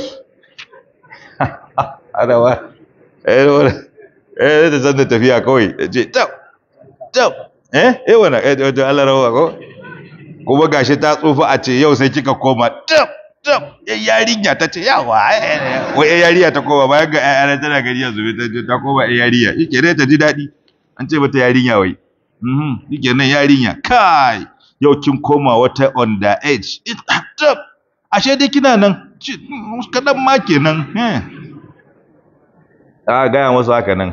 arawa eh, eh, eh eh da zan tafiya kawai ce to to eh eh wannan eh Allah rawa ko kuma gashi ta tsufa a ce yau sai kika koma dab dab ya yarinya ta ce yawa wai ya yariya ta koma bayan ga ƴaƴa tana gari yanzu ta je ta koma ya yariya. yake ne ta ji daɗi an ce mata yarinya wai mhm yake nan yarinya kai yau kin koma wata under age dab ashe dai kina nan kaɗan ma kenan eh a gaya musu haka nan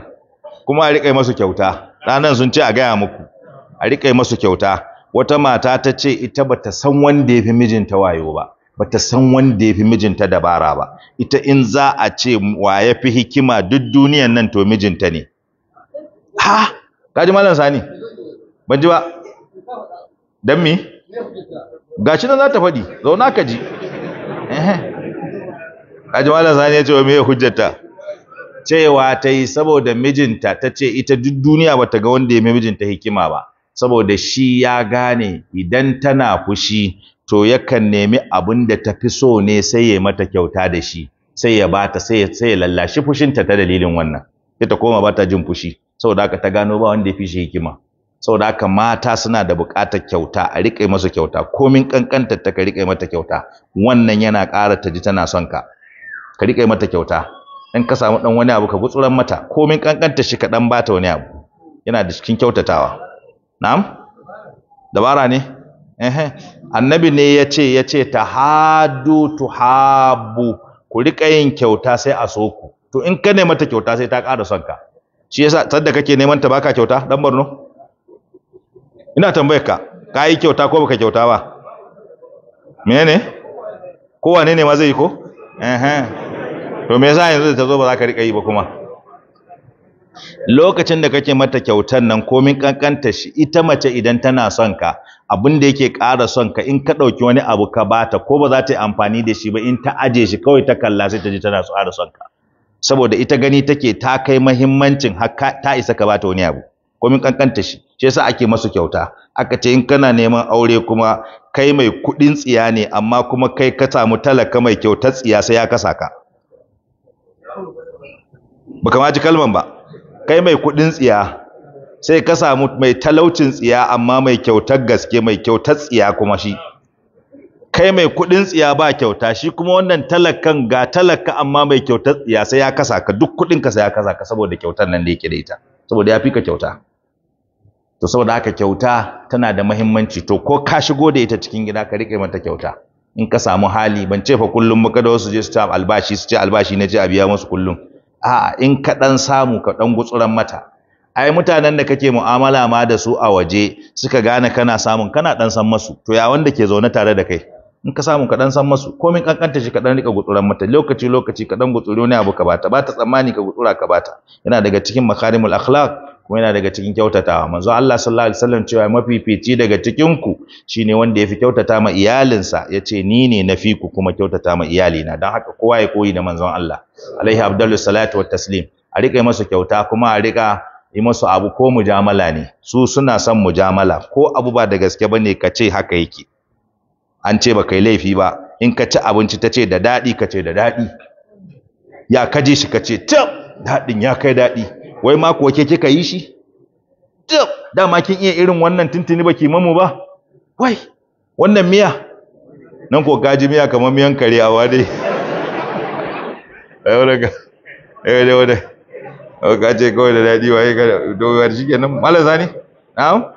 kuma a rikai masu kyauta Ranan sun ce a gaya muku a rikai masu kyauta wata mata ta ce ita ba ta san wanda yafi mijinta wayo ba Ba ta san wanda yafi mijinta dabara ba ita in za a ce wa yafi hikima duk duniyan nan to mijinta ne ha kaji malam sani ban ji ba dan me gashi nan za ta faɗi zauna ka ji kaji malam sani ya ce wa me hujjata cewa ta yi saboda mijinta ta ce ita duk duniya bata ga wanda ya mijinta hikima ba saboda shi ya gane idan tana fushi to yakan nemi abin da tafi so ne sai ya mata kyauta da shi sai ya bata sai ya sai ya lallashi fushinta ta dalilin wannan sai ta koma bata jin fushi saboda haka ta gano ba wanda ya fi shi hikima saboda haka mata suna da buƙatar kyauta a riƙe masa kyauta komin ƙanƙantar ta ka riƙe mata kyauta wannan yana ƙara ta ji tana son ka ka riƙe mata kyauta in ka samu ɗan wani abu ka gutsuran mata komin ƙanƙantar shi ka ɗan bata wani abu yana da cikin kyautatawa na'am dabara ne ehe annabi ne ya ce ce ta hadu tuhabu ku riƙa yin kyauta sai a so ku to in ka nema ta kyauta sai ta ƙara son ka shi yasa sadda kake neman ta baka kyauta dan Borno ina tambayar ka ka yi kyauta ko baka kyauta ba menene Kowa ne ma zai yi ko ehe to me yasa yanzu da ta zo ba za ka riƙa yi ba kuma lokacin da kake mata kyautar nan komin kankanta shi ita mace idan tana son ka abin da yake ƙara son ka in ka ɗauki wani abu ka bata ko ba za ta yi amfani da shi ba in ta aje shi kawai ta kalla sai ta ji tana ƙara son ka saboda ita gani take ta kai mahimmancin haka ta isa ka bata wani abu komin kankanta shi shi yasa ake masa kyauta aka ce in kana neman aure kuma kai mai kuɗin tsiya ne amma kuma kai ka samu talaka mai kyautar tsiya sai ya kasa ka baka ma ji kalman ba kai mai kudin tsiya sai ka samu mai talaucin tsiya amma mai kyautar gaske mai kyautar tsiya kuma shi kai mai kudin tsiya ba kyauta shi kuma wannan talakan ga talaka amma mai kyautar tsiya sai ya kasa ka duk kudin ka sai ya kasa ka saboda kyautar nan da yake da ita saboda ya fi ka kyauta to saboda haka kyauta tana da muhimmanci to ko ka shigo da ita cikin gida ka rike mata kyauta in ka samu hali ban ce fa kullum muka da wasu je su ci albashi su ce albashi na je a biya musu kullum a in ka dan samu ka dan gutsuran mata ai mutanen da kake mu'amala ma da su a waje suka gane kana samun kana dan san masu to ya wanda ke zaune tare da kai in ka samu ka dan san masu min kankanta shi ka dan rika gutsuran mata lokaci lokaci ka dan gutsuro ne abu ka bata ba ta tsammani ka gutsura ka bata yana daga cikin makarimul akhlaq kuma yana daga cikin kyautatawa manzo Allah sallallahu alaihi wasallam cewa mafifici daga cikin ku shine wanda yafi kyautata ma iyalinsa yace ni ne nafi ku kuma kyautata ma iyali na. dan haka kowa ya koyi da manzon Allah alaihi afdalu salatu wa taslim a rika masa kyauta kuma a rika yi masu abu ko mujamala ne su suna son mujamala ko abu ba da gaske bane ka ce haka yake an ce ba kai laifi ba in ka ci abinci ta ce da daɗi ka ce da daɗi ya kaje shi ka ce tab daɗin ya kai daɗi wai ma kuwa ke kika yi shi dama kin iya irin wannan tuntuni baki mamu ba wai wannan miya nan ko gaji miya kamar miyan kare a wade Wani ga ayo da wada o kace kawai da dadi waye ka dogar shi kenan malam zani na'am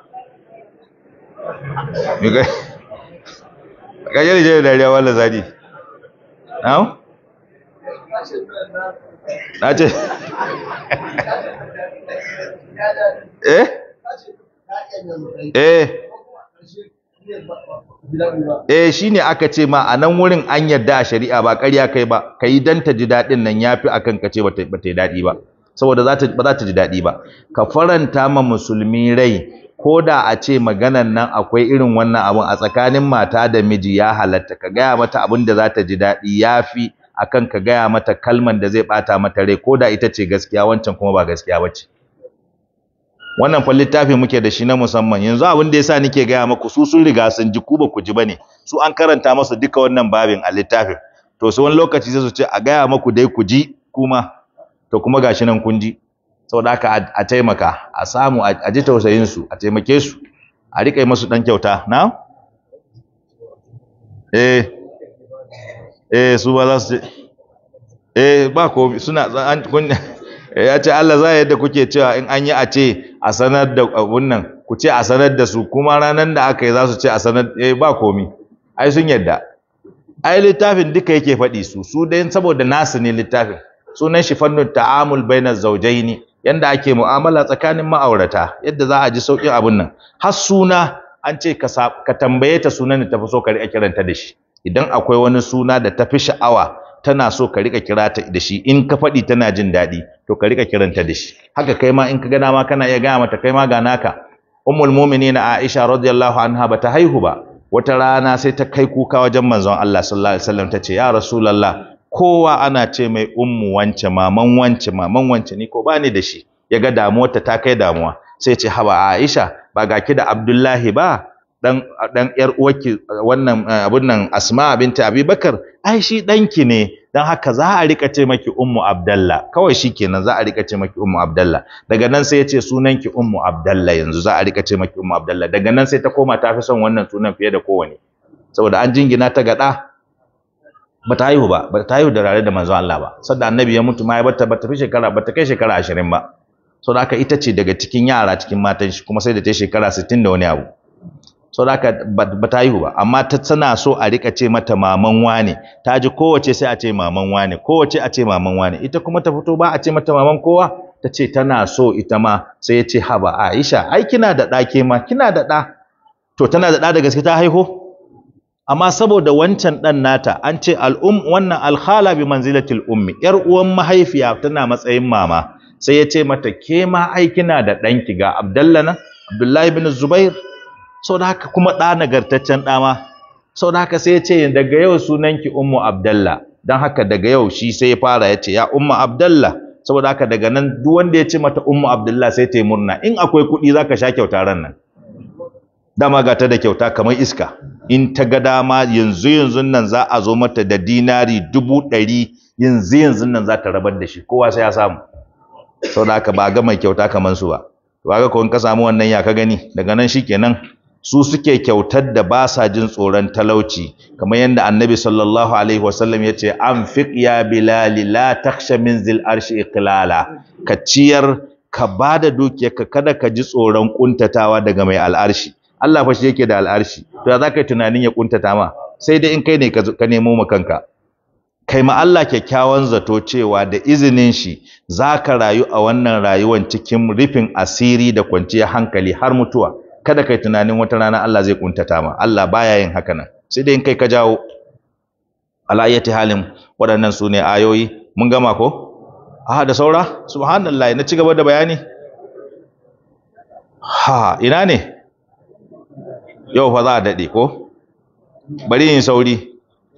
mi kai kaje da dariya malam zani na'am na ce eh eh eh shine aka ce ma a nan wurin an yarda a shari'a ba ƙarya kai ba ka yi don ta ji daɗin nan yafi fi akan ka ce ba ta yi daɗi ba saboda ba za ta ji daɗi ba ka faranta ma musulmi rai ko da a ce maganan nan akwai irin wannan abun a tsakanin mata da miji ya halatta ka gaya mata abin da za ta ji daɗi yafi. akan ka gaya mata kalman da zai bata mata rai ko da ita ce gaskiya wancan kuma ba gaskiya bace wannan fa littafi muke da shi na musamman yanzu abin da yasa nake gaya maku su sun riga sun ji ku ba ku ji bane su an karanta masa duka wannan babin a littafin to su wani lokaci sai su ce a gaya maku dai ku ji kuma to kuma gashi nan kun ji saboda haka a taimaka a samu a ji tausayin su a taimake su a riƙe masu dan kyauta na eh eh su ba za su eh ba ko suna an eh, ya ce Allah za yadda kuke cewa in an yi a ce a sanar da abun nan, ku ce a sanar da su kuma ranar da aka yi za su ce a sanar eh ba komi ai sun yadda ai littafin duka yake faɗi su su dai saboda nasu ne littafin sunan shi fannun ta'amul bainaz zawjaini yanda ake mu'amala tsakanin ma'aurata yadda za a ji sauƙin abun nan har suna an ce ka tambaye ta sunan da tafi so ka riƙa kiranta da shi idan akwai wani suna da tafi sha'awa tana so ka rika kira ta da shi in ka faɗi tana jin daɗi to ka rika kiranta da shi haka kai ma in ka ga ma kana iya gaya mata kai ma ga naka ummul mu'minina aisha radiyallahu anha bata haihu ba wata rana sai ta kai kuka wajen manzon Allah sallallahu alaihi wasallam tace ya rasulullah kowa ana ce mai ummu wance maman wance maman wance ni ko bani da shi yaga damuwar ta ta kai damuwa sai ce haba aisha ba ga ki da abdullahi ba dan dan yar uwarki wannan eh, abun nan Asma binti Abubakar ai shi danki ne dan haka za a rika ce maki Ummu Abdallah kawai shikenan za a rika ce maki Ummu Abdallah daga nan sai ya ce sunanki Ummu Abdallah yanzu za a rika ce maki Ummu Abdallah daga nan sai ta koma ta fi son wannan sunan fiye da kowane saboda an jingina ta gada ba ta haihu ba ba ta haihu da rare da manzon Allah ba sanda annabi ya mutu ma ya bata bata fi shekara bata kai shekara 20 ba saboda haka ita ce daga cikin yara cikin matan shi kuma sai da ta shekara 60 da wani abu saboda ba ta haihu ba amma ta tana so a rika ce mata maman wane ta ji kowace sai a ce maman wane kowace a ce maman wane ita kuma ta fito ba a ce mata maman kowa ta ce tana so ita ma sai ya ce haba Aisha ai kina da ɗa ke ma kina da ɗa to tana da ɗa da gaske ta haihu amma saboda wancan ɗan nata an ce al'um wannan alhala bi manzilatil ummi yar uwan mahaifiya tana matsayin mama sai ya ce mata ke ma ai kina da ɗanki ga Abdullahi bin Zubair sau da haka kuma ɗa nagartaccen ɗa ma sau da haka sai ya ce daga yau sunanki ummu abdalla don haka daga yau shi sai ya fara ya ce ya ummu abdalla saboda haka daga nan duk wanda ya ce mata ummu abdalla sai ta yi murna in akwai kuɗi za ka sha kyauta ran nan dama ga ta da kyauta kamar iska in ta ga dama yanzu yanzu nan za a zo mata da dinari dubu ɗari yanzu yanzu nan za ta rabar da shi kowa sai ya samu saboda haka ba ga mai kyauta kamar su ba ba ga ko in ka samu wannan ya ka gani daga nan shi shikenan su suke kyautar da ba sa jin tsoron talauci kamar yadda annabi sallallahu alaihi wasallam ya ce an ya bilali la taksha min zil arshi iqlala ka ciyar ka ba da dukiyarka kada ka ji tsoron kuntatawa daga mai al'arshi Allah fa shi yake da al'arshi to ya zaka tunanin ya kuntata ma sai dai in kai ne ka nemo ma kanka kai ma Allah kyakkyawan zato cewa da izinin shi zaka rayu a wannan rayuwar cikin rufin asiri da kwanciyar hankali har mutuwa kada kai tunanin wata rana Allah zai kuntata ma Allah baya yin haka nan sai dai in kai ka jawo alayati halin waɗannan su ne ayoyi mun gama ko aha da saura subhanallah na ci gaba da bayani ha ina ne yau fa za a daɗe ko bari yin sauri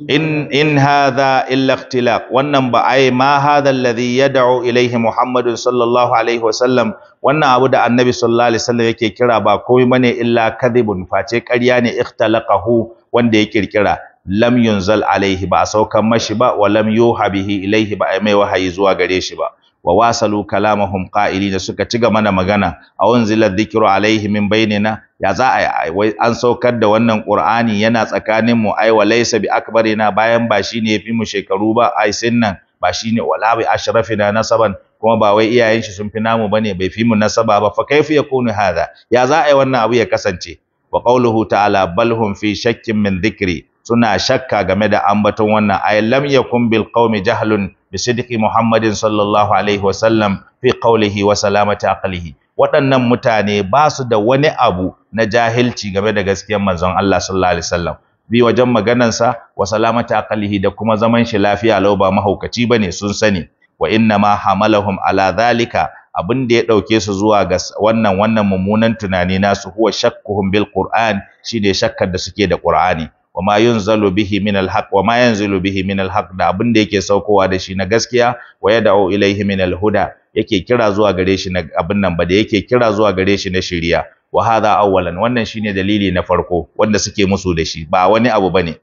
in in hadha illa ikhtilaq wannan ba ai ma hadha alladhi yad'u ilayhi Muhammadu sallallahu alaihi wasallam wannan abu da annabi sallallahu alaihi wasallam yake kira ba komai bane illa kadhibun face ƙarya ne ikhtalaqahu wanda ya kirkira lam yunzal alaihi ba saukan mashi ba wa lam yuha bihi ilaihi ba ai mai wahayi zuwa gare shi ba wa wasalu kalamahum qa'ilina suka ci gaba da magana a unzila dhikru alaihi min bainina ya za a wai an saukar da wannan qur'ani yana tsakanin mu ai walaysa bi akbarina bayan ba shine yafi mu shekaru ba ai sinnan ba shine wala bi ashrafina nasaban kuma ba wai iyayen shi sun fi namu bane bai fi mu nasaba ba fa kaifu yakunu hada. ya za a wannan abu ya kasance wa qawluhu ta'ala bal hum fi shakkin min dhikri suna shakka game da ambaton wannan ay lam yakun bil qaumi jahlun bi sidqi muhammadin sallallahu alaihi sallam fi qawlihi wa salamati aqlihi waɗannan mutane ba su da wani abu na jahilci game da gaskiyar manzon Allah sallallahu alaihi wasallam bi wajen maganansa wa salamata aqlihi da kuma zaman shi lafiya lau ba mahaukaci bane sun sani wa inna ma hamalahum ala zalika abin da ya dauke su zuwa ga wannan wannan mummunan tunani nasu huwa shakkuhum bil qur'an shine shakkar da suke da qur'ani wa ma yunzalu bihi min alhaq wa ma yanzilu bihi min alhaq da abin da yake saukowa da shi na gaskiya wa yad'u ilaihi min alhuda yake kira zuwa gare shi na abin nan ba da yake kira zuwa gare shi na shirya? wa hadha awwalan wannan shine dalili na farko wanda suke musu da shi ba wani abu bane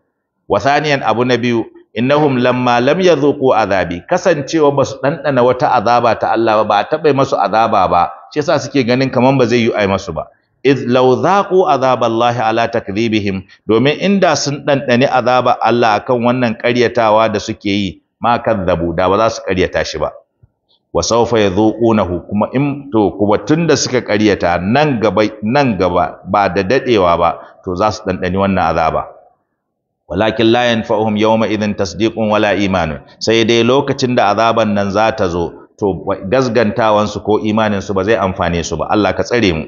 wa abu na biyu innahum lamma lam yadhuqu azabi kasancewa basu dandana wata azaba ta Allah ba ba taɓa masu azaba ba shi yasa suke ganin kaman ba zai yi ai masu ba iz law zaqu azaballahi ala takdhibihim domin inda sun ɗanɗani azabar Allah akan wannan karyatawa da suke yi ma da ba za su ƙaryata shi ba wa sawfa yadhuqunahu kuma in to kuma tunda suka karyata nan gaba ba da dadewa ba to za su dandani wannan azaba walakin la yanfa'uhum yawma idhin tasdiqun wala imanun sai dai lokacin da azaban nan za ta zo to gasgantawansu ko imaninsu ba zai amfane su ba Allah ka tsare mu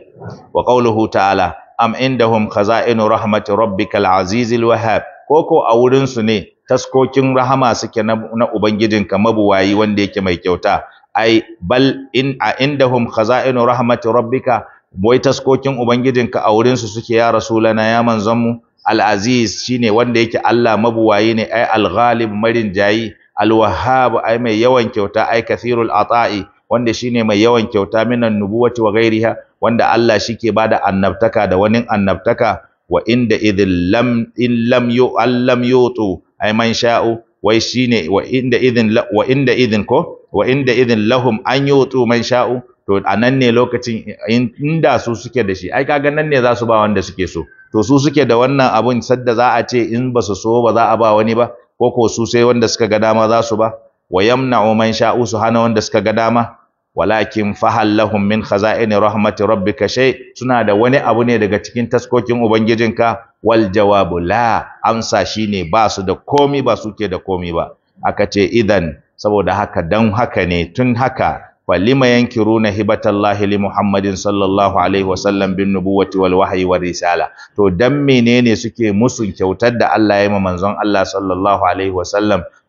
wa qauluhu ta'ala am indahum khaza'inu rahmati rabbikal azizil wahhab ko a wurin su ne taskokin rahama suke na ubangijinka mabuwayi wanda yake mai kyauta ai bal in a indahum khaza'inu rahmati rabbika wai taskokin ubangijinka a wurin su suke ya rasulana ya manzon mu al aziz shine wanda yake Allah mabuwayi ne ai al ghalib marin jayi alwahhab ai mai yawan kyauta ai kathirul ata'i wanda shine mai yawan kyauta minan nubuwati wa ghairiha wanda Allah shike bada annabtaka da wani annabtaka wa inda idhil lam in lam yu allam yutu ai man sha'u wai shine wa inda idhin wa inda idhin ko wa inda idhin lahum an yutu man sha'u to anan ne lokacin inda su suke da shi ai kaga nan ne za su ba wanda suke so to su suke da wannan abun sadda za a ce in ba su so ba za a ba wani ba ko ko su sai wanda suka ga dama za su ba wa yamna'u man sha'u su hana wanda suka ga dama walakin fahal lahum min khaza'ini rahmati rabbika shay suna da wani abu ne daga cikin taskokin ubangijinka wal jawabu la amsa shine ba su da komi ba suke da komi ba aka ce idan saboda haka dan haka ne tun haka falima yankiruna hibatallahi li Muhammadin sallallahu alaihi wasallam bin nubuwati wal wahyi war risala to dan menene suke musun kyautar da Allah ya ma manzon Allah sallallahu alaihi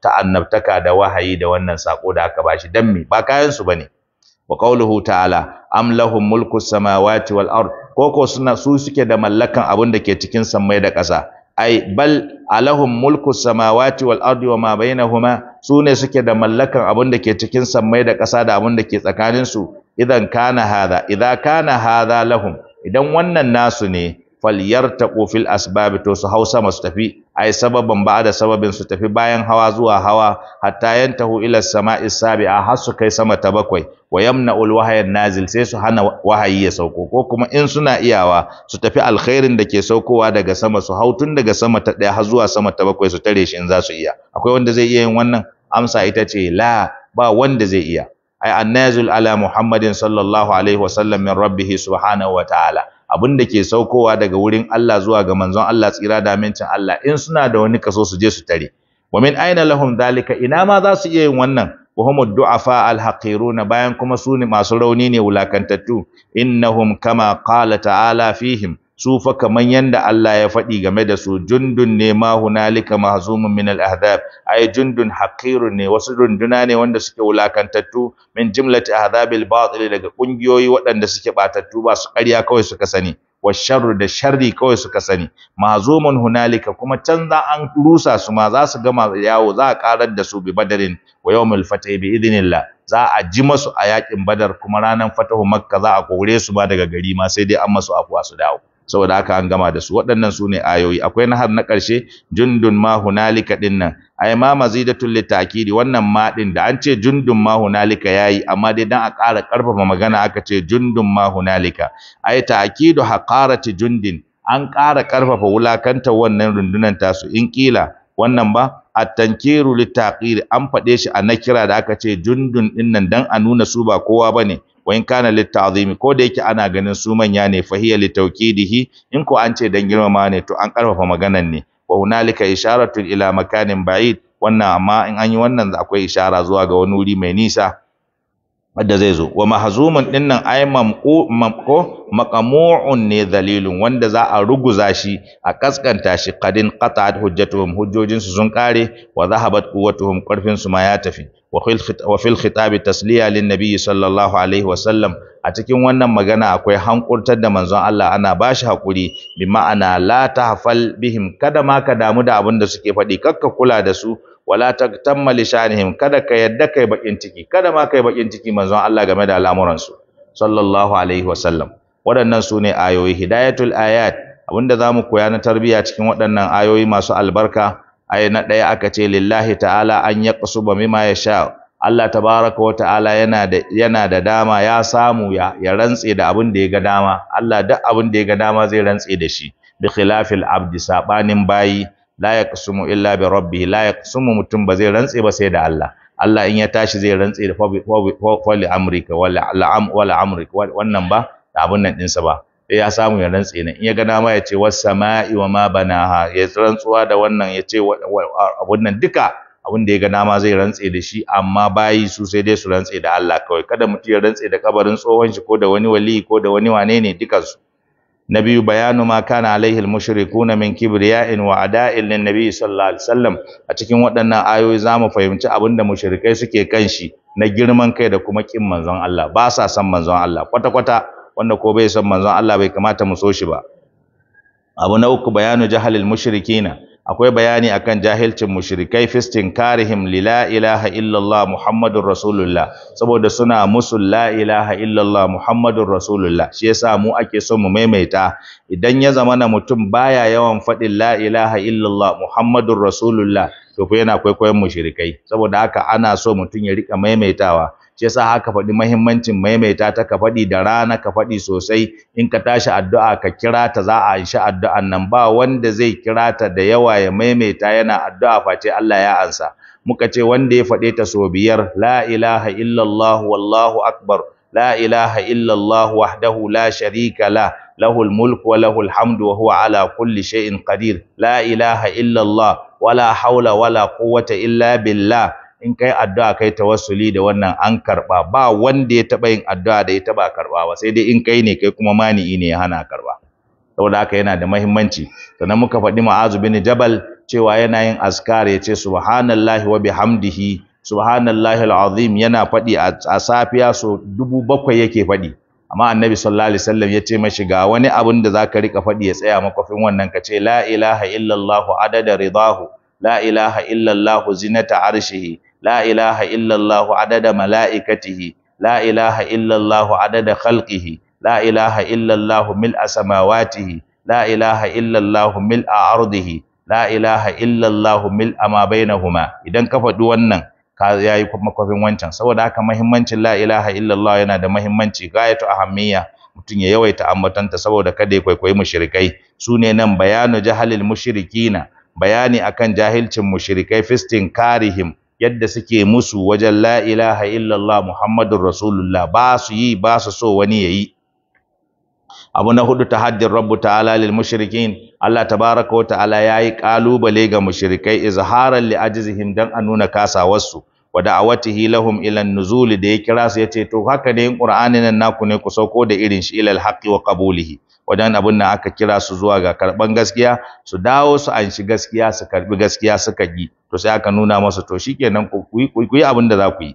ta annabtaka da wahayi da wannan sako da aka bashi dan me ba kayan su bane wa qawluhu ta'ala am lahum mulku samawati wal ard koko suna su suke da mallakan abin da ke cikin samai da ƙasa ai bal alahum mulku samawati wal ardi wa ma bainahuma sune suke da mallakan abun da ke cikin sammai da ƙasa da abun da ke tsakanin su idan kana hadha idan kana hadha lahum idan wannan nasu ne falyartaqu fil asbab to su hausa masu tafi ai sababan ba'da da sababin su tafi bayan hawa zuwa hawa hatta yantahu ila sama'i sabi'a har su kai sama ta bakwai wa yamna'ul wahayan nazil sai su hana wahayi ya sauko ko kuma in suna iyawa su tafi alkhairin da ke saukowa daga sama su hau tun daga sama ta ɗaya har zuwa sama ta bakwai su tare shi in za su iya akwai wanda zai iya yin wannan amsa ita ce la ba wanda zai iya ai annazul ala muhammadin sallallahu alaihi wasallam min rabbihi subhanahu wa ta'ala abin da ke saukowa daga wurin Allah zuwa ga manzon Allah tsira da amincin Allah in suna da wani kaso su je su tare wa min aina lahum dalika ina ma za su iya yin wannan wa hum du'afa al haqiruna bayan kuma su ne masu rauni ne wulakantattu innahum kama qala ta'ala fihim su fa kaman yanda Allah ya faɗi game da su jundun ne ma hunalika mahzumun min al-ahzab ay jundun haqirun ne wasu runduna ne wanda suke wulakantattu min jimlati ahzabil batil daga kungiyoyi waɗanda suke batattu ba su ƙarya kawai suka sani wa sharru da sharri kawai suka sani mahzumun hunalika kuma can za an rusa su ma za su gama yawo za a karar da su bi badarin wa yawmul fatih bi idnillah za a ji masu a yakin badar kuma ranar fatahu makka za a kore su ba daga gari ma sai dai an masu afuwa su dawo saboda haka an gama da su waɗannan su ne ayoyi akwai har na ƙarshe jundun ma hunalika ɗin nan ai ma mazidatul litakidi wannan ma ɗin da an ce jundun ma hunalika yayi amma dai dan a ƙara ƙarfafa magana aka ce jundun ma hunalika ai ta'kidu haqarati jundin an ƙara ƙarfafa wulakanta wannan rundunan tasu in kila wannan ba at-tankiru litaqir an faɗe shi a nakira da aka ce jundun ɗin nan dan a nuna su ba kowa bane wa in kana litta'zimi ko da yake ana ganin su manya ne fa hiya tawkidihi in ko an ce dan girmama ne to an karfafa maganan ne wa hunalika isharatu ila makanin ba'id wannan amma in an yi wannan akwai ishara zuwa ga wani wuri mai nisa wanda zai zo wa mahzumun dinnan ay mamqu mamqu maqmu'un ne dalilun wanda za a ruguza shi a kaskanta shi qadin qata'at hujjatuhum hujjojin su sun kare wa zahabat quwwatuhum karfin su ma ya tafi وفي الخطاب التسلية للنبي صلى الله عليه وسلم a cikin wannan magana akwai hankurtar da manzon Allah ana bashi hakuri bi ma'ana la tahfal bihim kada ma ka damu da abin da suke faɗi kakka kula da su wala taktamma li shanihim kada ka yadda kai bakin ciki kada ma kai bakin ciki manzon Allah game da al'amuran sallallahu alaihi wasallam waɗannan su ne ayoyi hidayatul ayat abinda zamu koya na tarbiyya cikin waɗannan ayoyi masu albarka ai na ɗaya aka ce lillahi ta'ala an yaqsuba ya sha. Allah tabaraka wa ta'ala yana da dama ya samu ya rantse da abin da ya ga dama Allah duk abin da ya ga dama zai rantse da shi bi khilafil abdi sabanin bayi la yaqsumu illa bi rabbih la yaqsumu mutum ba zai rantse ba sai da Allah Allah in ya tashi zai rantse da li amrika wala amrika wannan ba da abin nan ɗinsa ba Eh, ya samu ya rantse ne in ya ga nama ya ce was sama'i wa ma banaha ya rantsuwa da wannan ya ce abun nan duka Abun da ya ga dama zai rantse da shi amma bayi su sai dai su rantse da Allah kawai kada mutum ya rantse da kabarin tsohon shi ko da wani wali ko da wani wane ne dukansu na biyu bayanu ma kana alaihi mushrikuna min kibriya'in wa ada'in lin nabi sallallahu alaihi wasallam a cikin waɗannan ayoyi zamu fahimci abin da mushrikai suke kan shi na girman kai da kuma kin manzon Allah ba sa san manzon Allah kwata kwata wanda ko bai san manzon Allah bai kamata mu so shi ba abu na uku bayanu jahalil mushrikina akwai bayani akan jahilcin mushrikai fistin karihim li la ilaha illallah muhammadur rasulullah saboda suna musu la ilaha illallah muhammadur rasulullah shi yasa mu ake so mu maimaita idan ya zama na mutum baya yawan faɗin la ilaha illallah muhammadur rasulullah to fa yana kwaikwayon mushrikai saboda haka ana so mutum ya rika maimaitawa shi yasa haka faɗi mahimmancin maimaita ta ka faɗi da rana ka faɗi sosai in ka tashi addu'a ka kira ta za a shi addu'an nan ba wanda zai kira ta da yawa ya maimaita yana addu'a face Allah ya ansa muka ce wanda ya faɗe ta so biyar la ilaha illallah wallahu akbar la ilaha illallah wahdahu la sharika la lahul mulk wa lahul hamdu wa huwa ala kulli shay'in qadir la ilaha illallah wala haula wala quwwata illa billah in kai addu'a kai tawassuli da wannan an karba ba wanda ya taba yin addu'a da ya taba karba ba sai dai in kai ne kai kuma mani'i ne ya hana karba saboda haka yana da muhimmanci sannan muka faɗi ma'azu bin jabal cewa yana yin askar ya ce subhanallahi wa bihamdihi subhanallahi alazim yana faɗi a safiya so dubu bakwai yake faɗi amma annabi sallallahu alaihi wasallam ya ce mashi ga wani abin da zaka rika faɗi ya tsaya makofin wannan ka ce la ilaha illallah adada ridahu la ilaha illallah zinata arshihi la ilaha illallah adada malaikatihi la ilaha illallah khalkihi. La'ilaha la ilaha illallah mil'a samawatihi la ilaha illallah mil'a ardihi la ilaha illallah mil'a ma bainahuma idan ka faɗi wannan ka yayi makwafin wancan saboda haka mahimmancin la'ilaha ilaha yana da mahimmanci gayatu ahammiya mutum ya yawaita ambatanta saboda kada ya kwaikwayi mushrikai su ne nan bayanu jahalil mushrikina bayani akan jahilcin mushrikai fistin karihim yadda suke musu wajen la ilaha illallah muhammadur rasulullah ba su yi ba su so wani yayi abu na hudu tahaddin rabbu ta'ala lil mushrikin Allah tabaraka wa ta'ala yayi kalubale ga mushrikai izharan li ajzihim dan a nuna kasawarsu wa da'awatihi lahum ila nuzul da ya kira su yace to haka ne ƙur'ani nan naku ne ku sauko da irin shi ila alhaqi wa qabulihi wajen abin nan aka kira su zuwa ga karban gaskiya su dawo su an shi gaskiya su karbi gaskiya suka yi to sai aka nuna masa to shikenan ku yi abin da za ku yi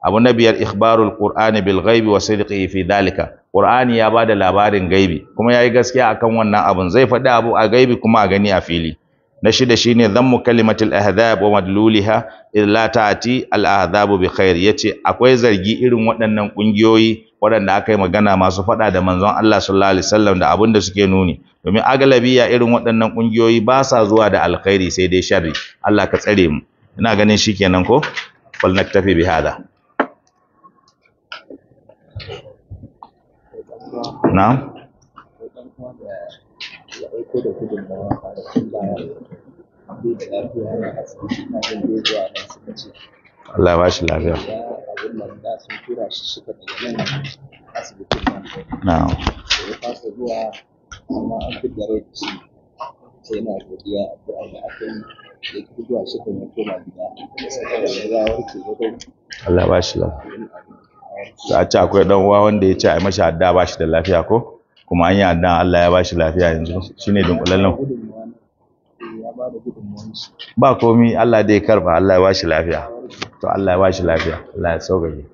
abu na biyar ikhbarul qur'ani bil ghaibi wa sidqihi fi dalika qur'ani ya bada labarin gaibi kuma yayi gaskiya akan wannan abun zai faɗi abu a gaibi kuma a gani a fili na shida shine dhammu kalimatul ahzab wa madluliha illa ta'ati al ahzab bi khair yace akwai zargi irin waɗannan kungiyoyi waɗanda aka yi magana masu faɗa da manzon Allah sallallahu alaihi wasallam da abin suke nuni domin agalabiya irin waɗannan kungiyoyi ba sa zuwa da alkhairi sai dai sharri Allah ka tsare mu ina ganin shi kenan ko fal naktafi bi hada na'am aiko da baya da lafiya yana asibiti na suka ce Allah ba shi lafiya abin tura shi suka na'am ya fasa zuwa amma an fi da rai sai godiya aka yi ya ki zuwa koma gida ya warke ya Allah ba shi lafiya a ce akwai dan uwa wanda ya ce a yi mashi adda ba shi da lafiya ko kuma an yi addan Allah ya ba shi lafiya yanzu shi ne dunkulallen ba komi Allah dai karfa Allah ya ba shi lafiya to Allah ya ba shi lafiya Allah ya saukake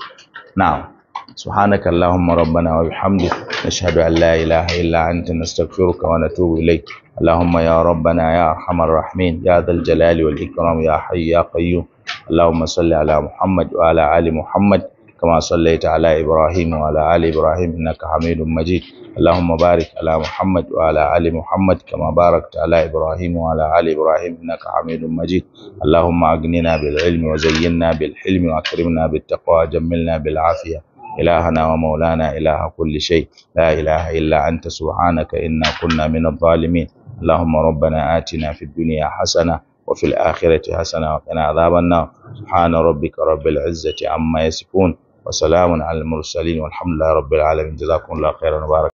na'am subhanaka allahumma rabbana wa bihamdika nashhadu an la ilaha illa anta nastaghfiruka wa natubu ilayk allahumma ya rabbana ya arhamar rahimin ya dhal jalali wal ikram ya hayy ya qayyum اللهم صل على محمد وعلى ال محمد كما صليت على إبراهيم وعلى آل إبراهيم إنك حميد مجيد اللهم بارك على محمد وعلى آل محمد كما باركت على إبراهيم وعلى آل إبراهيم إنك حميد مجيد اللهم أغننا بالعلم وزينا بالحلم وأكرمنا بالتقوى وجملنا بالعافية إلهنا ومولانا إله كل شيء لا إله إلا أنت سبحانك إنا كنا من الظالمين اللهم ربنا آتنا في الدنيا حسنة وفي الآخرة حسنة وقنا عذاب النار سبحان ربك رب العزة عما يصفون wa salamun al mursalin walhamdulillahi rabbil alamin kun khairan wa